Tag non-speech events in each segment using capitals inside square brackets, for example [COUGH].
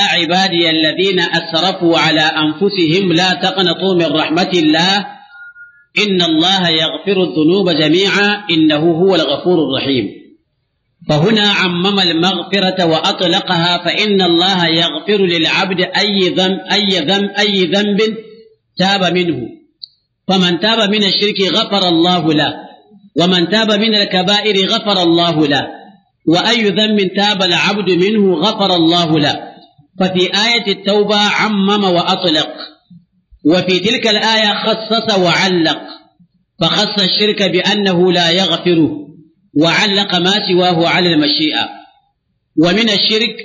عبادي الذين أسرفوا على أنفسهم لا تقنطوا من رحمة الله إن الله يغفر الذنوب جميعا إنه هو الغفور الرحيم فهنا عمم المغفرة وأطلقها فإن الله يغفر للعبد أي ذنب أي ذنب أي ذنب تاب منه فمن تاب من الشرك غفر الله له ومن تاب من الكبائر غفر الله له وأي ذنب تاب العبد منه غفر الله له ففي آية التوبة عمم وأطلق وفي تلك الآية خصص وعلق فخص الشرك بأنه لا يغفره وعلق ما سواه على المشيئة ومن الشرك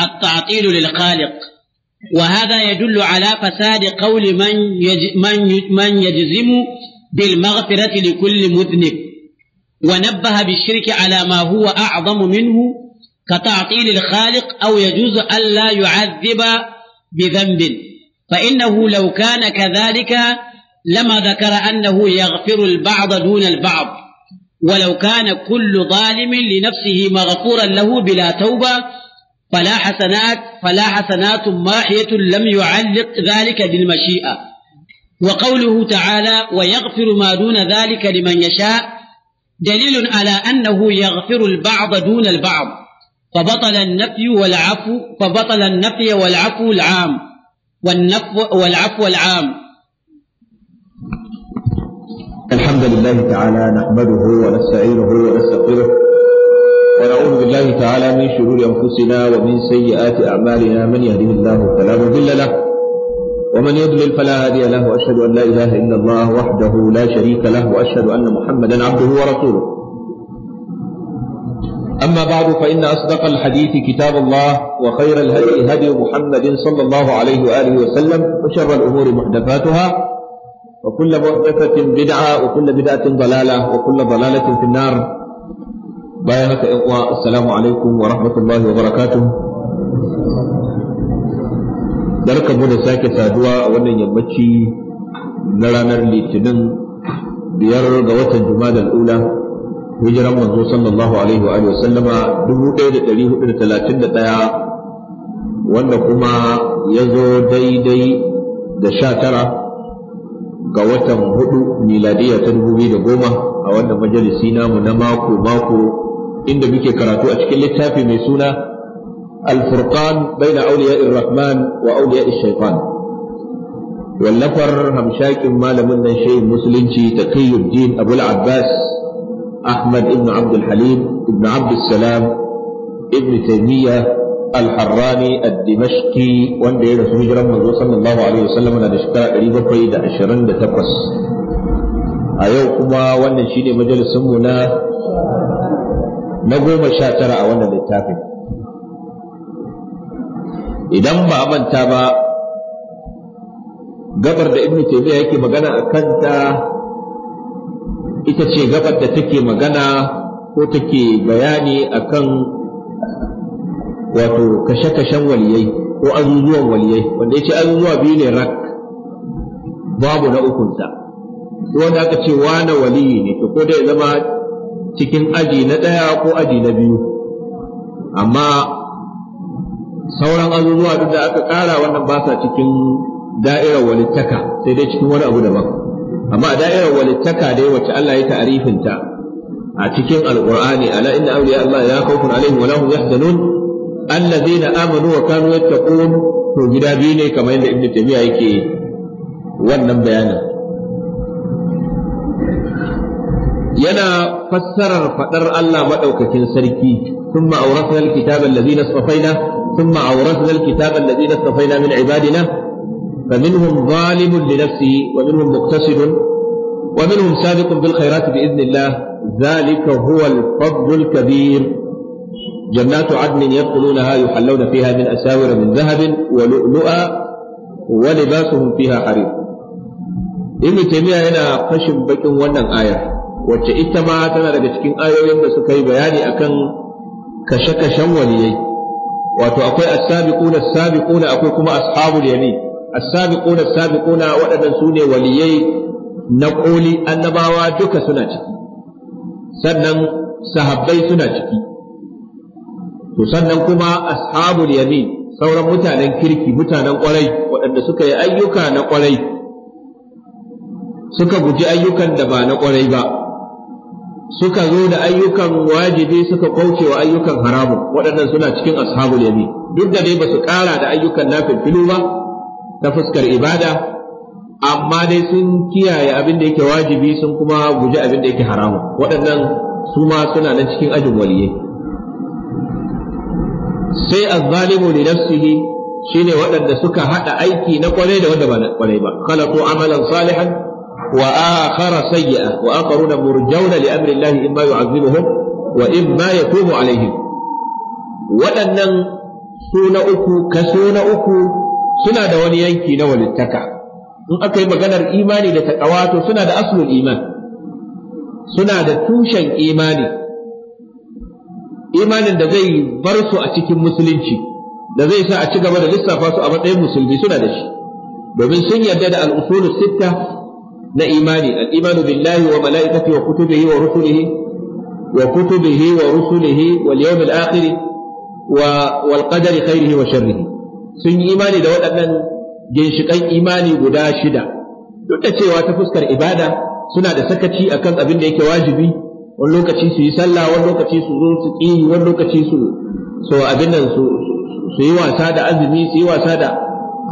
التعطيل للخالق وهذا يدل على فساد قول من من يجزم بالمغفرة لكل مذنب ونبه بالشرك على ما هو أعظم منه كتعطيل الخالق أو يجوز ألا يعذب بذنب فإنه لو كان كذلك لما ذكر أنه يغفر البعض دون البعض ولو كان كل ظالم لنفسه مغفورا له بلا توبة فلا حسنات فلا حسنات ماحية لم يعلق ذلك بالمشيئة وقوله تعالى ويغفر ما دون ذلك لمن يشاء دليل على أنه يغفر البعض دون البعض فبطل النفي والعفو فبطل النفي والعفو العام والنفو والعفو العام الحمد لله تعالى نحمده ونستعينه ونستغفره ونعوذ بالله تعالى من شرور انفسنا ومن سيئات اعمالنا من يهده الله فلا مضل له ومن يضلل فلا هادي له واشهد ان لا اله الا الله وحده لا شريك له واشهد ان محمدا عبده ورسوله أما بعد فإن أصدق الحديث كتاب الله وخير الهدي هدي محمد صلى الله عليه وآله وسلم وشر الأمور محدثاتها وكل محدثة بدعة وكل بدعة ضلالة وكل ضلالة في النار بيانك إخوة السلام عليكم ورحمة الله وبركاته درك من ساكي سادوا وانا يمتشي نرانا لتنم بيار قوة الجمال الأولى hijiran manzo sallallahu alaihi wa sallama dubu ɗaya da ɗari hudu da talatin da ɗaya wanda kuma ya zo daidai da sha tara ga watan hudu miladiya ta dubu biyu da goma a wannan majalisi namu na mako mako inda muke karatu a cikin littafi mai suna الفرقان بين أولياء الرحمن وأولياء الشيطان والنفر همشاك ما لم شيء مسلم تقي الدين أبو العباس أحمد بن عبد الحليم بن عبد السلام ابن تيمية الحراني الدمشقي وان دا يرسل هجرا منذ صلى الله عليه وسلم أنا دشكرا قريبا قيد عشرين دا تقص أيوكما وان نشيني مجلس منا نقوم شاترا وانا للتافي إذا ما أمنت ba gabar da ibn taymiya yake magana a kanta ita ce gabar da take magana ko take bayani akan wato kashe-kashen waliyai ko azuzuwan waliyai wanda ya ce azuzuwa biyu ne rak babu na ukunta. wanda aka ce wane waliyi ne to ko da ya zama cikin aji na ɗaya ko aji na biyu amma sauran azuzuwa duk da aka ƙara wannan ba sa cikin da'irar walittaka sai dai cikin wani abu daban amma a da'irar walittaka dai wacce Allah ya ta'arifinta a cikin alqur'ani ala inna awliya Allah la khawfun alaihim wa lahum yahzanun allazina amanu wa kanu yattaqun to gida biyu ne kamar yadda ibnu taymiya yake wannan bayanin yana fassarar fadar Allah madaukakin sarki ثم أورثنا الكتاب الذين اصطفينا ثم أورثنا الكتاب الذين اصطفينا من عبادنا فمنهم ظالم لنفسه ومنهم مقتصد ومنهم سابق بالخيرات بإذن الله ذلك هو الفضل الكبير جنات عدن يدخلونها يحلون فيها من أساور من ذهب ولؤلؤا ولباسهم فيها حرير ابن تيمية هنا قشم بكم ونن آية wacce ita ma tana daga cikin ayoyin da suka yi bayani akan kashe-kashen waliyai wato akwai as-sabiquna as-sabiquna akwai kuma ashabul yamin as-sabiquna sune waliyai na ƙoli annabawa duka suna ciki sannan sahabbai suna ciki to sannan kuma ashabul yamin sauran mutanen kirki mutanen ƙwarai waɗanda suka yi ayyuka na ƙwarai suka guji ayyukan da ba na ƙwarai ba suka zo da ayyukan wajibi suka kauce wa ayyukan haramun waɗannan suna cikin ashabul yamin duk da dai ba su ƙara da ayyukan nafilfilu ba ta fuskar ibada amma dai sun kiyaye abin da yake wajibi sun kuma guji abin da yake haramu waɗannan su ma suna nan cikin ajin waliyai sai azzalimu li nafsihi shine waɗanda suka haɗa aiki na kwarai da wanda ba na kwarai ba khalaqu amalan salihan wa akhara sayyi'a wa akharuna murjauna li amri llahi imma yu'azzibuhum wa imma yatubu alaihim waɗannan su na uku kaso na uku suna da wani yanki na walittaka in aka yi maganar imani da taqwa to suna da aslul iman suna da tushen imani imanin da zai bar su a cikin musulunci da zai sa a ci gaba da lissafa su a matsayin musulmi suna da shi domin sun yarda da al sitta na imani al'imani billahi wa mala'ikati, wa kutubihi wa rusulihi wa kutubihi wa rusulihi wal yawmil akhir wa wal qadari khairihi wa sharrihi sun yi imani da waɗannan Ginshikan imani guda shida duk da cewa ta fuskar ibada suna da sakaci akan abin da yake wajibi wani lokaci su yi sallah wani lokaci su zo su ƙi wani lokaci su so abin nan su yi wasa da azumi su yi wasa da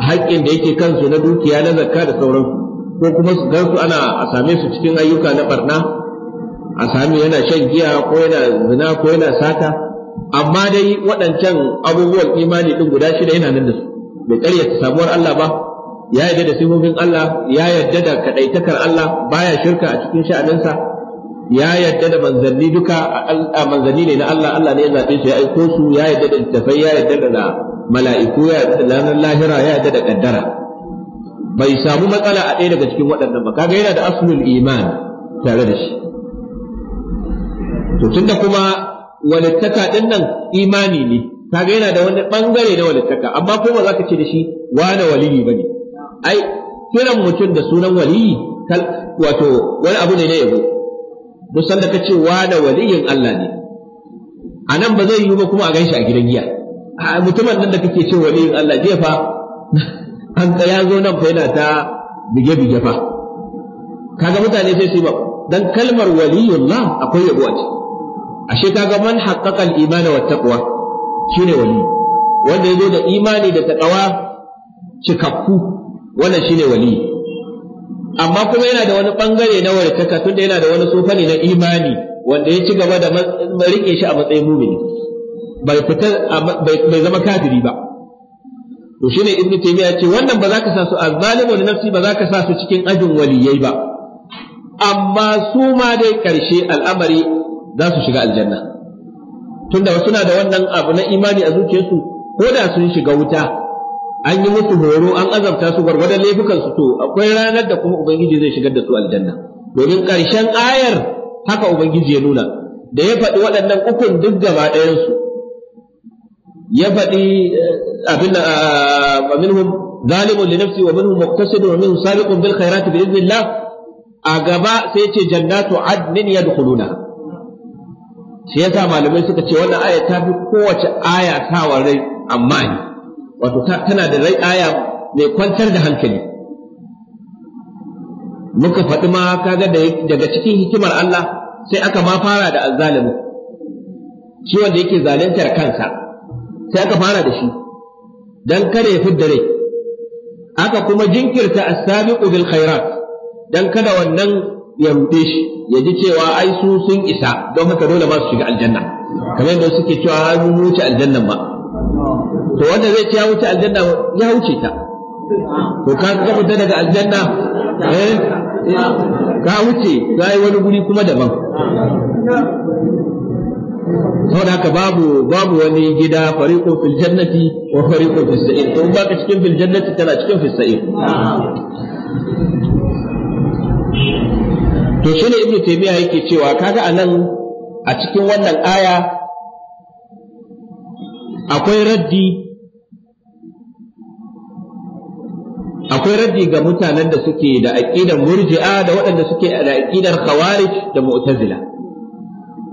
haƙƙin da yake kansu na dukiya na zakka da sauransu ko kuma su gansu ana a same su cikin ayyuka na barna a sami yana shan giya ko yana zina ko yana sata amma dai waɗancan abubuwan imani ɗin guda shida yana nan da su bai ta samuwar Allah ba ya yarda da sifofin Allah ya yarda da kadaitakar Allah baya shirka a cikin sha'aninsa ya yarda da manzanni duka a manzanni ne na Allah Allah ne ya zabe su ya aiko su ya yarda da tafai ya yarda da mala'iku ya yarda da lanar lahira ya yarda da kaddara bai samu matsala a ɗaya daga cikin waɗannan ba kaga yana da aslul iman tare da shi to tunda kuma walittaka ɗin nan imani ne kaga yana da wani bangare na walittaka amma ko ba za ka ce da shi na waliyi bane ai kiran mutum da sunan waliyi wato wani abu ne na yabo san da ka ce na waliyin Allah ne a nan ba zai yi ba kuma a ganshi a gidan giya a mutumin nan da kake ce waliyin Allah fa. [LAUGHS] an tsaya zo nan fa yana ta bige-bige fa kaga mutane sai su yi ba dan kalmar waliyullah akwai yabo a ciki ashe kaga man haqqaqa al-iman wa taqwa ne wali wanda ya zo da imani da taɗawa cikakku wannan shine wali amma kuma yana da wani ɓangare na warkaka tunda yana da wani tsofani na imani wanda ya ci gaba da riƙe shi a matsayin mumini bai fita bai zama kafiri ba to shi ne ibnu taymiya ce wannan ba za ka sa su azzalimu wani nafsi ba za ka sa su cikin ajin waliyai ba amma su ma dai karshe al'amari za su shiga aljanna tunda wasu na da wannan abu na imani a zuciyarsu ko da sun shiga wuta an yi musu horo an azabta su gwargwadon laifukan su to akwai ranar da kuma ubangiji zai shigar da su aljanna domin ƙarshen ayar haka ubangiji ya nuna da ya faɗi waɗannan ukun duk gaba ɗayan su ya faɗi eh, abin da ah, minhum zalimun li nafsi wa minhum muqtasidun wa minhum sabiqun bil khairati bi idnillah a gaba sai ce jannatu adnin yadkhuluna shi yasa malamai suka ce wannan aya ta fi kowace aya sawa rai amma ne wato tana da rai aya mai kwantar da hankali muka faɗi ma kaga daga cikin hikimar Allah sai aka ma fara da azzalimi shi wanda yake zaluntar kansa sai aka fara da shi dan kada ya fidda rai aka kuma jinkirta as-sabiqu bil khairat dan kada wannan ya ruɗe shi ya ji cewa ai su sun isa don haka dole ba su shiga aljanna kamar yadda suke cewa ha mu wuce aljannan ba to wanda zai ce ya wuce aljanna ya wuce ta to ka ka fita daga aljanna eh ka wuce ka yi wani guri kuma daban saboda haka babu babu wani gida fariqun fil jannati wa fariqun fis sa'ir to ba ka cikin fil jannati tana cikin fis sa'ir to ne ibn taymiya yake cewa kaga anan a cikin wannan aya akwai raddi akwai raddi ga mutanen da suke da aqidar murji'a da waɗanda suke da aqidar khawarij da mu'tazila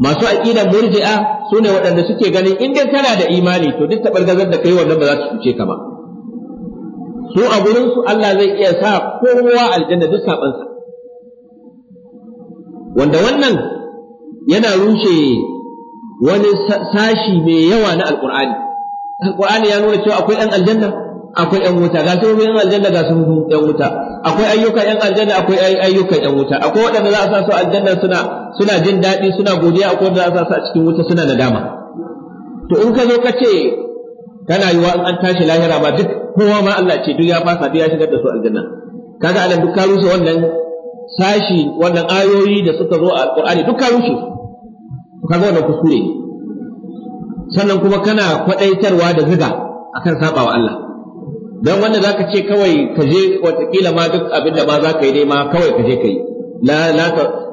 masu aqidar murji'a sune waɗanda suke ganin in dai tana da imani to duk tabargazar da kai wannan ba za su cuce ka ba su a gurin su Allah zai iya sa kowa aljanna duk sabansa wanda wannan yana rushe wani sashi mai yawa na alqur'ani alqur'ani ya nuna cewa akwai ɗan aljanna akwai ɗan wuta ga su ɗan aljanna ga su ɗan wuta akwai ayyukan ɗan aljanna akwai ayyukan ɗan wuta akwai waɗanda za a sa su aljanna suna suna jin daɗi suna godiya akwai waɗanda za a sa su a cikin wuta suna nadama to in ka zo ka ce kana yi in an tashi lahira ma duk kowa ma Allah ce duk ya fasa duk ya shigar da su aljanna kaga anan duk ka rusa wannan sashi wannan ayoyi da suka zo a alqur'ani duk ka rushe kaga wannan kuskure sannan kuma kana kwadaitarwa da ziga akan sabawa Allah dan wanda zaka ce kawai ka je watakila ma duk abin da ma zaka yi dai ma kawai ka je kai la la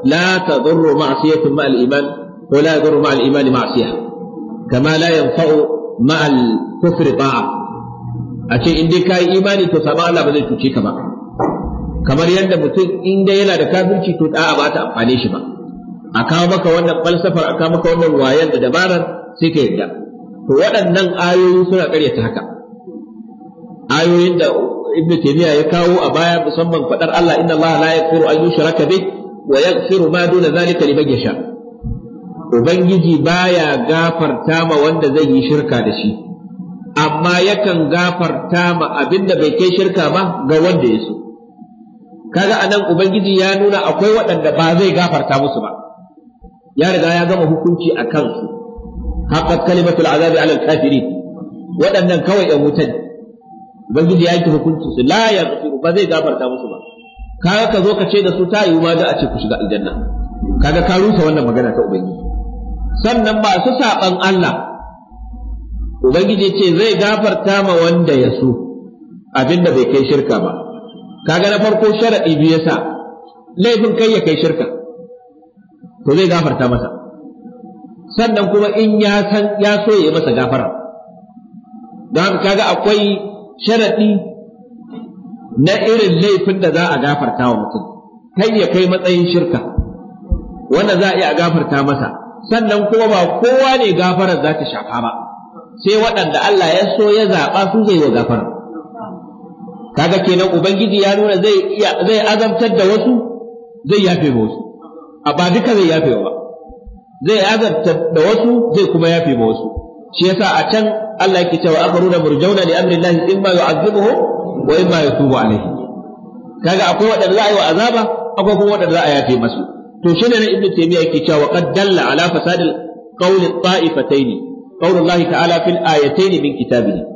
la tadurru ma'siyatu ma'al iman ko la yadurru ma'al al-iman ma'siyah kama la yanfa'u ma'al kufri ta'a a ce in dai ka yi imani to saba Allah ba zai cuce ka ba kamar yadda mutum in yana da kafirci to da'a ba ta amfane shi ba a kawo maka wannan falsafar a kawo maka wannan wayan da dabarar sai ka yadda to waɗannan ayoyi suna ƙaryata haka ayoyin da ibn taymiya ya kawo a baya musamman fadar Allah inna Allah la yaghfiru an yushraka bih wa yaghfiru ma duna zalika liman yasha ubangiji baya gafarta ma wanda zai yi shirka da shi amma yakan gafarta ma abinda bai kai shirka ba ga wanda ya so kaga anan ubangiji ya nuna akwai waɗanda ba zai gafarta musu ba ya riga ya gama hukunci a kansu haqqat kalimatul azabi alal kafiri waɗannan kawai ya mutan ubangiji ya yi hukunci su la yaghfiru ba zai gafarta musu ba kaga ka zo ka ce da su ta yi ma da a ce ku shiga aljanna kaga ka rusa wannan magana ta ubangiji sannan ba su saban Allah ubangiji ce zai gafarta ma wanda ya so abinda bai kai shirka ba kaga na farko sharaɗi biyu yasa laifin kai ya kai shirka to zai gafarta masa sannan kuma in ya san ya so ya masa gafara don kaga akwai sharaɗi na irin laifin da za a gafarta wa mutum kai ya kai matsayin shirka wanda za a iya gafarta masa sannan kuma ba kowa ne gafarar za ta shafa ba sai waɗanda Allah ya so ya zaɓa su zai wa gafara kaga kenan ubangiji ya nuna zai iya zai azabtar da wasu zai yafe ba wasu a ba duka zai yafe ba zai azabtar da wasu zai kuma yafe ba wasu shi yasa a can Allah yake cewa akharuna murjauna li amrillahi imma yu'azzibuhu wa imma yatubu alayhi kaga akwai wadanda za a yi wa azaba akwai kuma wadanda za a yafe masu to shi ne ibnu taymiya yake cewa qad dalla ala fasadil qawli ta'ifataini qawlullahi ta'ala fil ayataini min kitabihi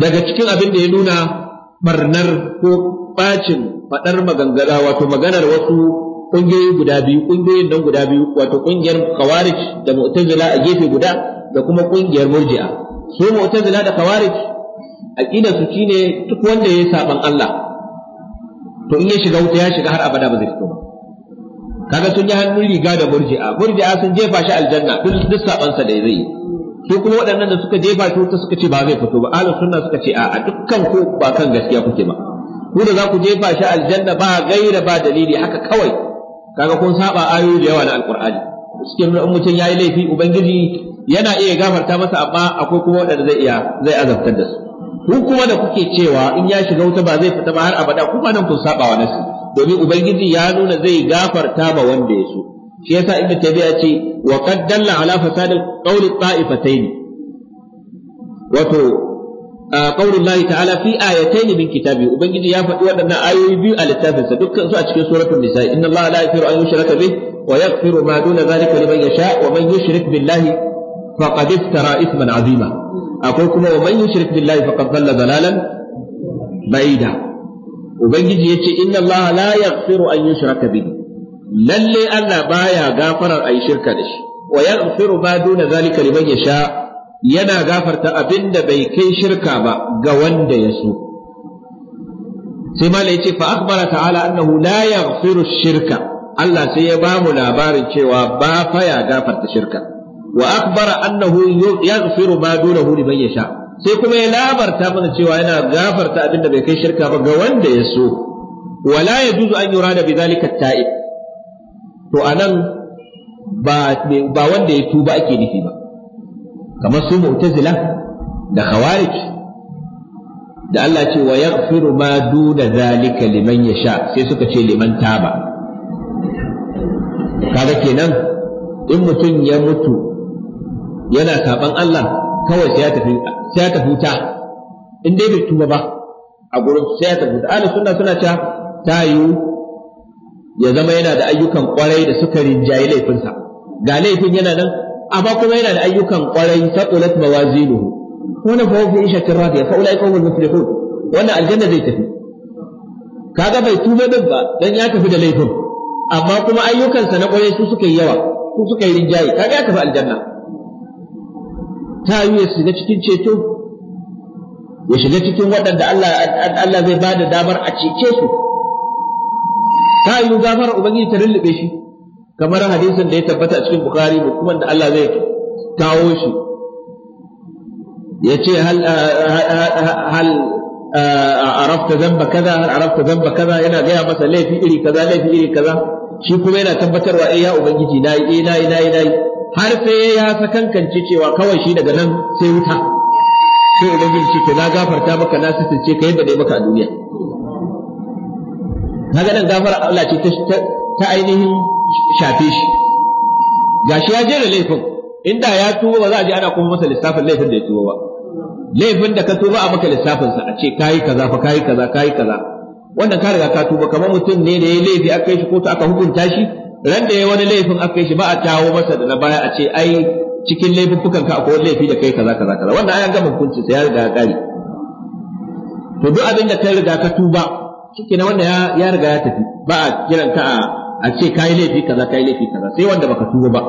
daga cikin abin da ya nuna barnar ko bacin faɗar maganganu wato maganar wasu ƙungiyoyi guda biyu ƙungiyoyin nan guda biyu wato ƙungiyar kawarij da mu'tazila a gefe guda da kuma ƙungiyar murji'a su mu'tazila da kawarij aqida su shine duk wanda ya saban Allah to in ya shiga wuta ya shiga har abada ba zai fito ba kaga sun yi hannun riga da murji'a murji'a sun jefa shi aljanna duk saban sa da zai yi sai kuma waɗannan da suka jefa shi wuta suka ce ba zai fito ba ala sunna suka ce a dukkan ku ba kan gaskiya kuke ba ku da za ku jefa shi aljanna ba gaira ba dalili haka kawai kaga kun saba ayoyi da yawa na alqur'ani cikin mutun yayi laifi ubangiji yana iya gafarta masa amma akwai kuma waɗanda zai iya zai azabtar da su ku kuma da kuke cewa in ya shiga wuta ba zai fita ba har abada kuma nan kun saba wa nasu domin ubangiji ya nuna zai gafarta ba wanda ya so shi yasa ibnu tabi'a ce wa qad dalla ala fasad qawli ta'ifatayn wato qawli Allah ta'ala fi ayatayn min kitabi ubangiji ya faɗi waɗannan ayoyi biyu a littafin sa dukkan su a cikin suratul nisa inna Allah la yaghfiru an yushraka bih wa yaghfiru ma duna dhalika liman yasha wa man yushrik billahi faqad iftara ithman azima akwai kuma wa man yushrik billahi faqad dhalla dalalan ba'ida ubangiji yace inna Allah la yaghfiru an yushraka bihi lalle Allah baya gafarar ayi shirka da shi wa yaghfiru ma duna zalika liman sha yana gafarta abin da bai kai shirka ba ga wanda ya so sai mala ce fa Akbara ta'ala annahu la ya yaghfiru shirka Allah sai ya ba mu labarin cewa ba fa ya gafarta shirka wa akhbara annahu yaghfiru ma dunahu liman sha, sai kuma ya labarta mana cewa yana gafarta abin da bai kai shirka ba ga wanda ya so Wala ya ولا يجوز أن يراد بذلك التائب to anan ba ba wanda ya tuba ake nufi ba kamar su mu'tazila da khawarij da Allah ce wa yaghfiru ma duna zalika liman yasha sai suka ce liman taba kaga kenan in mutum ya mutu yana saban Allah kawai sai ya tafi sai ya tafi ta in dai bai tuba ba a gurin sai ya tafi ta suna suna ta tayu ya zama yana da ayyukan kwarai da suka rinjayi laifinsa ga laifin yana nan amma kuma yana da ayyukan kwarai saqulat mawazinuhu wannan fa isha ishatin rafiya fa ulai kawul muflihun wannan aljanna zai tafi kaga bai tuba din ba dan ya tafi da laifin amma kuma ayyukansa na kwarai su suka yi yawa su suka yi rinjaye kaga ya tafi aljanna ta yi ya shiga cikin ceto ya shiga cikin waɗanda Allah Allah zai bada damar a cece su ta yi gafara ubangiji ta lullube shi kamar hadisin da ya tabbata a cikin bukhari kuma da Allah zai kawo shi ya ce hal ah, ah, ah, arafta zamba kaza hal arafta zamba kaza yana gaya masa laifi iri kaza laifi iri kaza shi kuma yana tabbatarwa eh ya ubangiji nayi eh nayi nayi nayi har sai ya sakankance cewa kawai shi daga nan sai wuta sai ubangiji ce na gafarta maka na sitince ka yadda dai maka a duniya kaga nan gafara Allah ce ta ainihin shafe shi gashi ya jera laifin inda ya tuba ba za a je ana kuma masa lissafin laifin da ya tuba ba laifin da ka tuba a maka lissafin sa a ce kayi kaza fa kayi kaza kayi kaza wannan ka riga ka tuba kamar mutum ne da ya laifi aka yi shi kotu aka hukunta shi ran da ya wani laifin aka yi shi ba a tawo masa da na baya a ce ai cikin laifukan ka akwai laifi da kai kaza kaza kaza wannan ayan gama hukunci sai ya riga ya kare to duk abin da ka riga ka tuba shi na wanda ya riga ya tafi ba a kiranta a a ce yi laifi kaza yi laifi kaza sai wanda baka tuba ba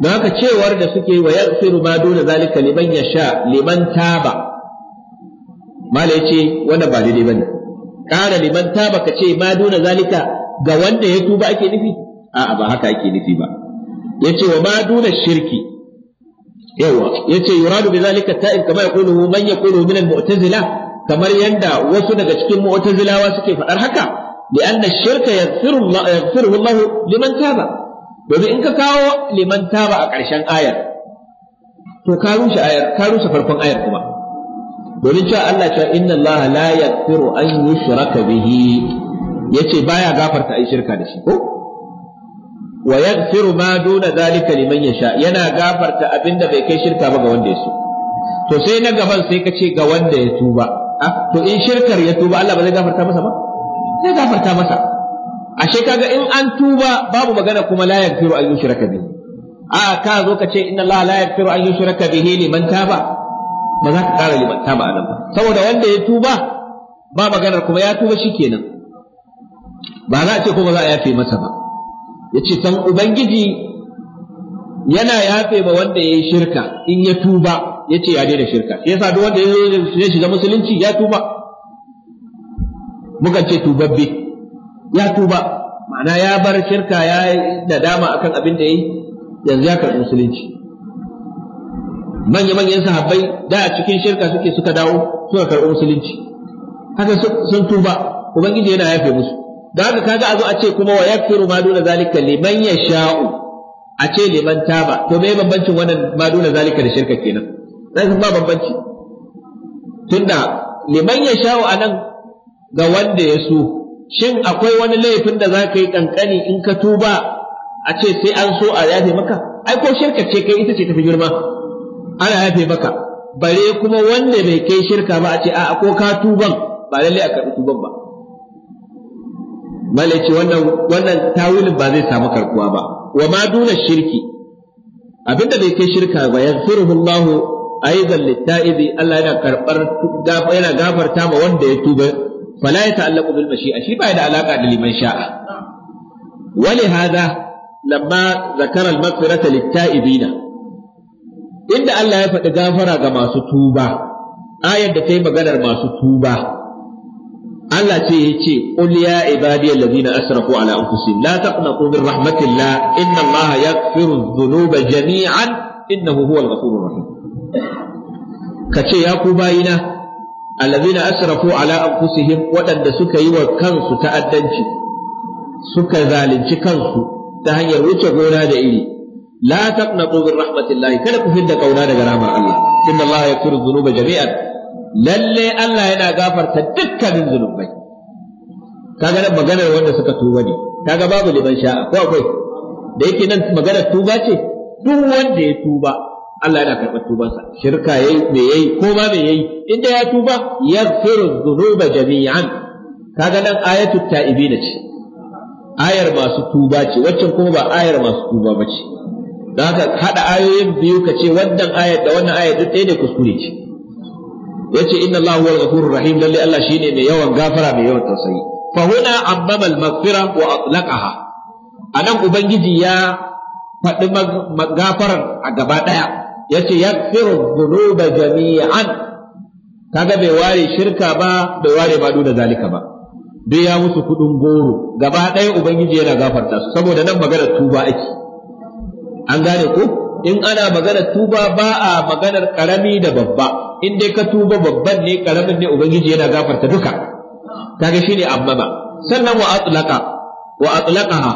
don haka cewar da suke wa tsiru ma dole zalika liman ya sha liman taba mala yace wanda ba daidai bane kara liman taba ka ce ma dole zalika ga wanda ya tuba ake nufi a'a ba haka ake nufi ba yace wa ma dole shirki yawa yace yuradu bi zalika ta'ib kama yaqulu man yaqulu min al-mu'tazila kamar yadda wasu daga cikin mu'tazilawa suke faɗar haka li anna shirka yaghfiru Allah liman taba domin in ka kawo liman taba a ƙarshen ayar to ka rushe ayar ka rushe farkon ayar kuma domin cewa Allah cewa inna Allah la yaghfiru an yushraka bihi yace baya gafarta ai shirka da shi ko wa yaghfiru ma duna zalika liman yasha yana gafarta abinda bai kai shirka ba ga wanda ya so to sai na gaban sai ka ce ga wanda ya tuba Ah, to in shirkar ya tuba Allah ba zai gafarta masa ba zai gafarta masa ashe kaga in an tuba babu magana kuma la yaghfiru an yushraka bihi a ka zo ka ce inna Allah la yaghfiru an yushraka bihi liman taba ba za ka kara liman taba anan ba saboda wanda ya tuba ba maganar kuma ya tuba shikenan ba za a ce ba za a yafe masa ba yace san ubangiji yana yafe ba wanda ya shirka in ya tuba yace ya daina shirka shi yasa duk wanda ya shiga musulunci ya tuba muka ce tubabbe ya tuba ma'ana ya bar shirka ya nadama akan abin da yayi yanzu ya karɓi musulunci manya manyan sahabbai da a cikin shirka suke suka dawo suka karɓi musulunci haka sun tuba ubangiji yana yafe musu da haka kaga a zo a ce kuma wa yakfiru ma duna zalika liman yasha'u a ce liman taba to me bambancin wannan ma duna zalika da shirka kenan zai ba bambanci tunda liman ya sha'u nan ga wanda ya so shin akwai wani laifin da za ka yi kankani in ka tuba a ce sai an so a yafe maka ai ko shirka ce kai ita ce tafi girma ana yafe maka bare kuma wanda bai kai shirka ba a ce a ko ka tuban ba lallai a karɓi tuban ba mala ce wannan wannan tawilin ba zai samu karkuwa ba wa ma duna shirki abinda bai kai shirka ba yaghfiruhu Allahu aidan litta'ibi Allah yana karbar yana gafarta ma wanda ya tuba fala ya ta'allaqu bil mashi'a shi ba da alaka da liman sha'a wali hada lamma zakara al maghfirata litta'ibina inda Allah ya faɗi gafara ga masu tuba ayar da ta yi maganar masu tuba Allah ce ya ce qul ya ibadiy allazina asrafu ala anfusihim la taqnatu min rahmatillah inna Allah yaghfiru dhunuba jami'an innahu huwal ghafurur rahim ka ce ya ku bayina allazina asrafu ala anfusihim waɗanda suka yi wa kansu ta'addanci suka zalunci kansu ta hanyar wuce gona da iri la taqnatu min rahmatillahi kada ku fidda kauna daga rahmar Allah inna Allah yaghfiru dhunuba jami'an lalle Allah yana gafarta dukkanin zunubai kaga nan maganar wanda suka tuba ne kaga babu liban sha'a ko akwai da yake nan maganar tuba ce duk wanda ya tuba Allah yana karɓar tubansa shirka yayi me yayi ko ma me yayi inda ya tuba yaghfiru dhunuba jami'an kaga nan ayatu ta'ibina ce ayar masu tuba ce waccan kuma ba ayar masu tuba ba ce don haka hada ayoyin biyu ka ce wannan ayar da wannan ayar duk ɗaya ne kuskure ce yace inna Allahu wal ghafurur rahim lalle Allah shine mai yawan gafara mai yawan tausayi fa huna ammama al-maghfira wa atlaqaha anan ubangiji ya faɗi gafarar a gaba ɗaya yace yaghfiru dhunuba jami'an kaga bai ware shirka ba bai ware ma da zalika ba duk ya musu kuɗin goro gaba ɗaya ubangiji yana gafarta su saboda nan maganar tuba ake an gane ko in ana maganar tuba ba a maganar karami da babba in dai ka tuba babban ne karamin ne ubangiji yana gafarta duka kaga shine ammama sannan wa atlaqa wa atlaqaha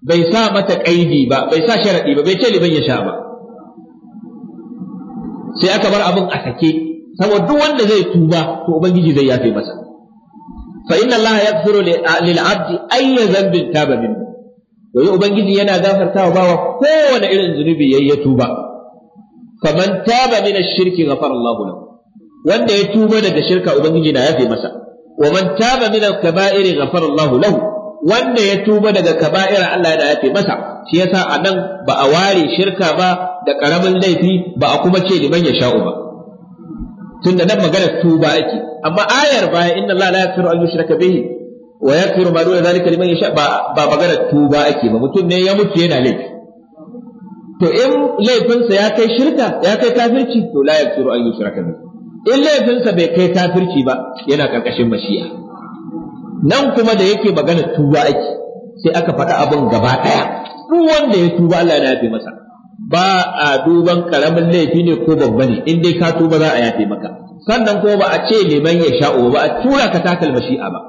bai sa mata kaidi ba bai sa sharaɗi ba bai ce liban ya sha ba sai aka bar abin a sake saboda duk wanda zai tuba to ubangiji zai yafe masa fa inna allaha yaghfiru lil abdi ayya dhanbin taba minhu domin ubangiji yana gafartawa bawa kowane irin zunubi yayi ya tuba man taba min ash-shirki ghafara Allahu lahu wanda ya tuba daga shirka ubangiji na yafe masa wa man taba min al-kaba'iri ghafara Allahu lahu wanda ya tuba daga kaba'ira Allah ya yafe masa shi yasa a nan ba a ware shirka ba da karamin laifi ba a kuma ce liman ya sha'u ba tunda nan magana tuba ake amma ayar baya inna Allah la yaghfiru an yushraka bihi wa yaghfiru ma duna zalika liman yasha ba ba magana tuba ake ba mutum ne ya mutu yana laifi to in laifinsa ya kai shirka ya kai kafirci to la yaghfiru an yushraka bihi in laifinsa bai kai kafirci ba yana karkashin mashi'a nan kuma da yake magana tuba ake sai aka faɗa abin gaba ɗaya duk wanda ya tuba Allah ya yafe masa ba a duban karamin laifi ne ko babba ne in dai ka tuba za a yafe maka sannan kuma ba a ce liman ya sha'o ba a tura ka takal mashi'a ba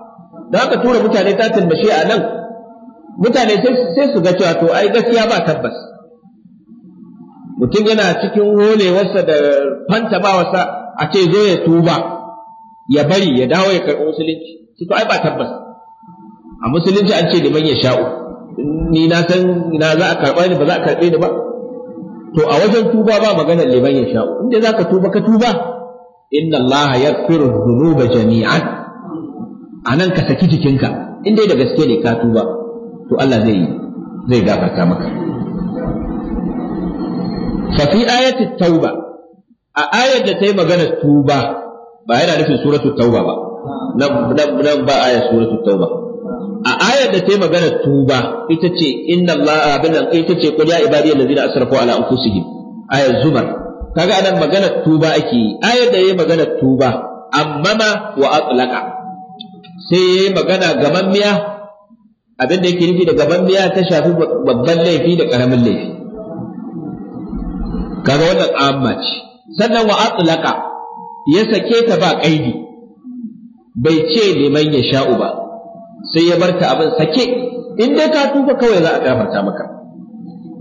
da haka tura mutane takal mashi'a nan mutane sai su ga cewa to ai gaskiya ba tabbas mutum yana cikin wasa da fanta ba wasa a ce zo ya tuba ya bari ya dawo ya karɓi musulunci shi to ai ba tabbas a musulunci an ce liman ya sha'u ni na san na za a karɓa ni ba za a karɓe ni ba to a wajen tuba ba magana liman ya sha'u inda za ka tuba ka tuba inna Allah yaghfiru dhunuba jami'an anan ka saki jikinka in dai da gaske ne ka tuba to Allah zai zai gafarta maka fa fi ayati tauba a ayar da ta yi maganar tuba ba yana nufin suratul tauba ba nan ba aya suratul tauba a ayar da tayi magana tuba ita ce inna allaha abin ita ce qul ya ibadi allazina asrafu ala anfusihim ayar zumar kaga anan magana tuba ake yi ayar da yayi magana tuba amma ma wa atlaqa sai yayi magana gaban miya abin da yake nufi da gaban miya ta shafi babban laifi da karamin laifi kaga wannan amma ce sannan wa atlaqa ya sake ta ba kaidi bai ce liman ya sha'u ba sai ya barka abin sake in dai ka tuba kawai za a gafarta maka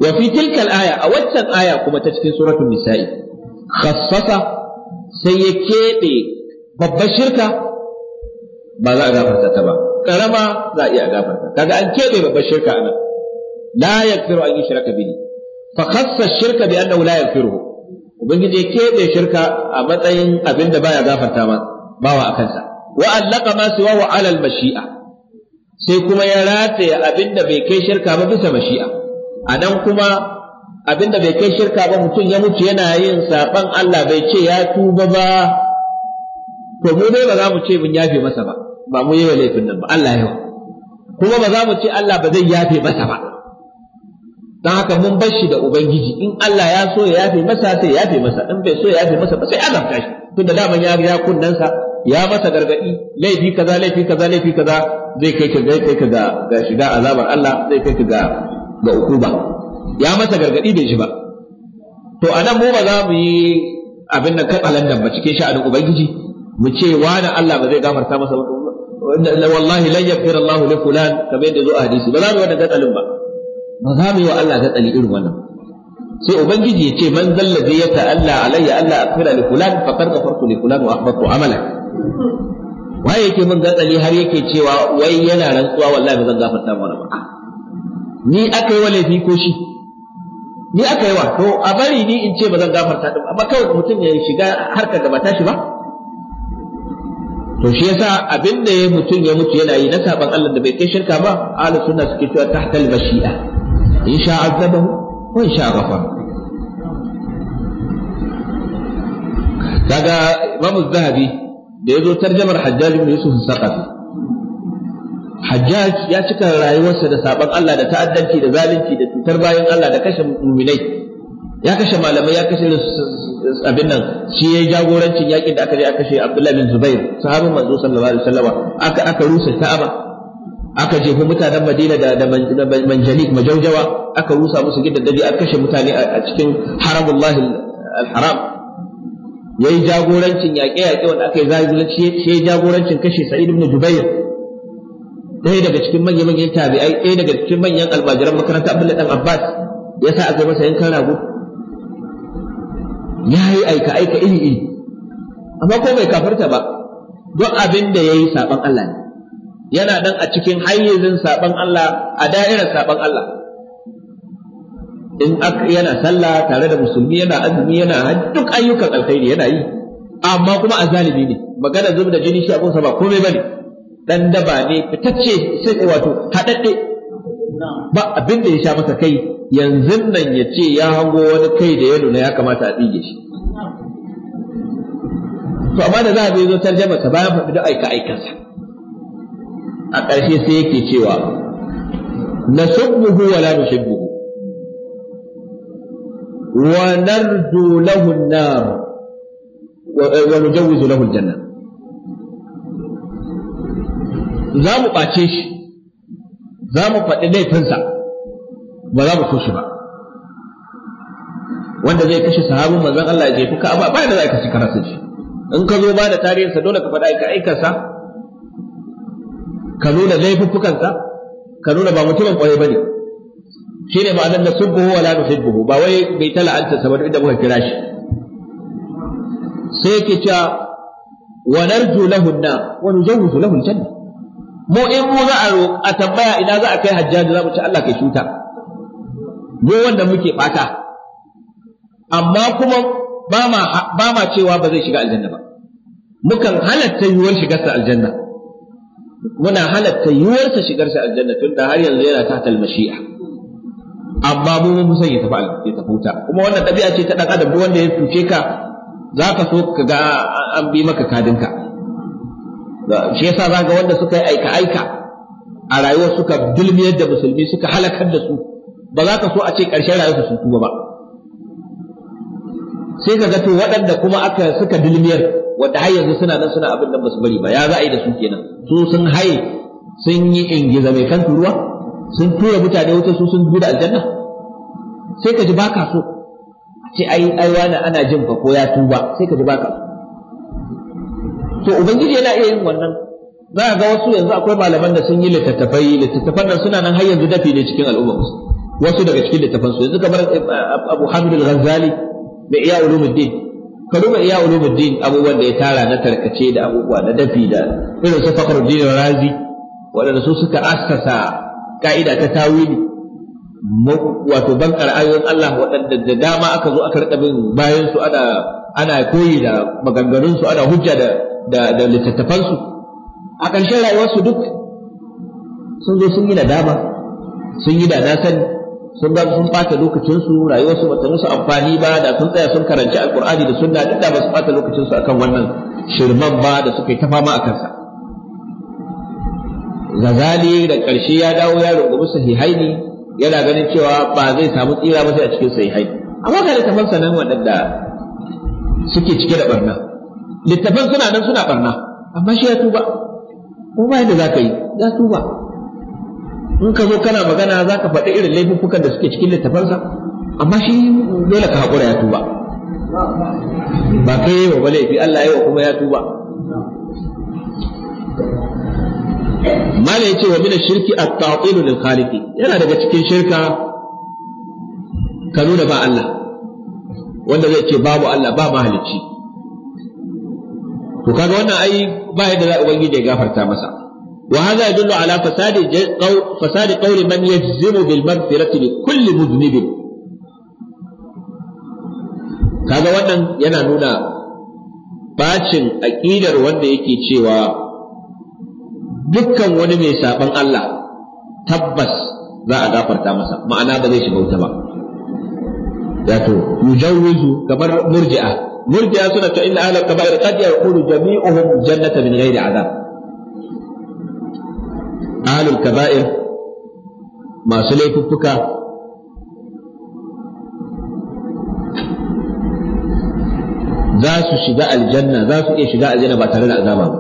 wa fi tilkal aya a waccan aya kuma ta cikin suratun nisa'i khassasa sai ya keɓe babbar shirka ba za a gafarta ta ba Ƙarama za a iya gafarta kaga an keɓe babbar shirka anan la yaghfiru an yi yushraka bihi fa khassa shirka bi annahu la yaghfiruhu ubangiji ya keɓe shirka a matsayin abin da baya gafarta ma bawa kansa. wa allaka ma siwahu ala al mashi'a sai kuma ya rataya abinda bai kai shirka ba bisa mashi'a anan kuma abinda bai kai shirka ba mutum ya mutu yana yin saban Allah bai ce ya tuba ba to mu dai ba za mu ce mun yafe masa ba ba mu yi wa laifin nan ba Allah ya kuma ba za mu ce Allah ba zai yafe masa ba don haka mun bar shi da ubangiji in Allah ya so ya yafe masa sai ya yafe masa in bai so ya yafe masa ba sai azabta shi tunda daman ya ga kunnansa ya masa gargadi laifi kaza laifi kaza laifi kaza zai kai ka zai kai ka ga shiga azabar Allah zai kai ka ga ga ukuba ya masa gargadi da shi ba to anan mu ba za mu yi abin nan katsalandan ba cikin sha'anin ubangiji mu ce wani Allah ba zai gafarta masa ba wallahi lan yaghfir Allah li fulan kamar yadda zo a hadisi ba za mu yi wannan katsalin ba ba za mu yi wa Allah katsali irin wannan sai ubangiji ya ce man zai ya ta'alla alayya Allah akfira li fulan faqad ghafartu li fulan wa ahbatu amala waye yake mun gatsali har yake cewa wai yana rantsuwa wallahi ba zan gafarta mana ba ni akai wa laifi ko shi ni akai wa to a bari ni in ce ba zan gafarta din amma kawai mutum ya shiga harkar da ba ta shi ba to shi yasa abin da ya mutum ya mutu yana yi na saban Allah da bai kai shirka ba ahlus sunna suke cewa tahtal bashi'a in sha azabahu وانشاغفا kaga imamu zahabi da ya zo tarjamar hajjaj ibn yusuf saqafi hajjaj ya cika rayuwarsa da saban Allah da ta'addanci da zalunci da cutar bayan Allah da kashe mu'minai ya kashe malamai ya kashe abin nan shi ya jagorancin yakin da aka je aka kashe Abdullahi bin Zubair sahabin manzo sallallahu alaihi wasallam aka aka rusa ta'aba aka jefo mutanen Madina da da manjanik majaujawa aka rusa musu gidaddaji aka kashe mutane a cikin haramullahi alharam haram yayi jagorancin yaƙe-yaƙe wanda aka yi zalunci shi jagorancin kashe Sa'id ibn Jubair ɗaya daga cikin manyan manyan tabi'ai ɗaya daga cikin manyan almajiran makaranta Abdullahi dan Abbas yasa aka yi masa yankan rago yayi aika aika iri iri amma ko bai kafarta ba don abin da yayi saban Allah ne yana dan a cikin hayyizin saban Allah a da'irar saban Allah in yana sallah tare da musulmi yana azumi yana duk ayyukan alkhairi yana yi amma kuma azalibi ne magana zub da jini shi abunsa ba komai bane dan daba ne fitacce sai wato hadadde ba abin da ya sha masa kai yanzu nan ya ce ya hango wani kai da ya nuna ya kamata a tsige shi to amma da za a zo tarjama sa bayan faɗi da aika aikansa a ƙarshe sai yake cewa nasubbuhu wala nushibbuhu wa nardu lahu an-nar eh, wa nujawwizu lahu al-janna za mu ɓace shi za mu faɗi laifinsa ba za mu so shi ba wanda zai kashe sahabin manzon Allah ya jefi ka ba ba da za ka kashe karasa shi in ka zo ba da tarihinsa dole ka faɗa aika aikarsa ka nuna laifuffukanka ka nuna ba mutumin kwarai bane shine ma'anar na subbuhu wala nuhibbuhu ba wai bai tala'anta sa ba inda muka kira shi sai ke cewa wa narju lahun an wa nujawwizu lahu janna mu in mu za a a tambaya ina za a kai hajjaji za mu ci Allah kai shuta mu wanda muke fata amma kuma ba ma ba ma cewa ba zai shiga aljanna ba mukan halatta yiwuwar shigarsa aljanna muna halatta yiwuwarsa sa aljanna tun da har yanzu yana ta kalmashi'a amma mu mun san ya tafi ya tafi kuma wannan ɗabi'a ce ta ɗan adam wanda ya cuce ka za ka so ka ga an bi maka kadinka shi yasa za ga wanda suka yi aika aika a rayuwar suka dulmiyar da musulmi suka halakar da su ba za ka so a ce ƙarshen rayuwar su tuba ba sai ka ga to waɗanda kuma aka suka dilmiyar wanda har yanzu suna nan suna abin nan ba su bari ba ya za a yi da su kenan su sun haye sun yi ingiza mai kan turuwa sun tura mutane wata su sun gudu aljanna sai ka ji baka so ce ai ai wani ana jin fa ko ya tuba sai ka ji baka so to ubangiji yana iya yin wannan za ga wasu yanzu akwai malaman da sun yi littattafai littattafan nan suna nan har yanzu dafi ne cikin al'umma wasu daga cikin littafansu yanzu kamar Abu Hamid al-Ghazali da iya ulumuddin ka duba iya ulumuddin abubuwan da ya tara na tarkace da abubuwa na dafi da irin su fakhruddin razi waɗanda su suka assasa ka'ida ta tawili wato bankar ayoyin Allah waɗanda da dama aka zo aka rika bin bayan su ana ana koyi da maganganun su ana hujja da da, da littattafan su a ƙarshen rayuwarsu duk sun zo sun yi nadama sun yi da na sani sun ga sun bata lokacin su rayuwar su bata musu amfani ba da sun tsaya sun karanci alqur'ani da sunna duk da ba su bata lokacin su akan wannan shirman ba da suka yi ta fama akan sa Ghazali da ƙarshe ya dawo ya musu hihaini yana ganin cewa ba zai samu tsira ba sai a cikin sahihai amma ga littafan sanan waɗanda suke cike da barna littafan suna nan suna barna amma shi ya tuba ko yadda za ka yi ya tuba in ka zo kana magana za ka faɗi irin laifuffukan da suke cikin littafansa amma shi dole ka haƙura ya tuba ba kai yi wa ba laifi Allah ya yi wa kuma ya tuba mala ya ce wa mina shirki a ta'ilu lil khaliqi yana daga cikin shirka ka nuna ba Allah wanda zai ce babu Allah ba mahalicci to kaga wannan ai ba yadda za ubangiji ya gafarta masa وهذا يدل على فساد فساد قول من يجزم بالمغفرة لكل مذنب kaga wannan yana nuna bacin aƙidar wanda yake cewa dukkan wani mai saɓan Allah tabbas za a gafarta masa ma'ana ba zai shiga wuta ba wato yujawwizu kamar murji'a murji'a suna ta inna ahlal kaba'ir qad yaqulu jami'uhum jannata min ghairi azab alul kaba'ir masu laifuffuka za su shiga aljanna za su iya shiga aljanna ba tare da azaba ba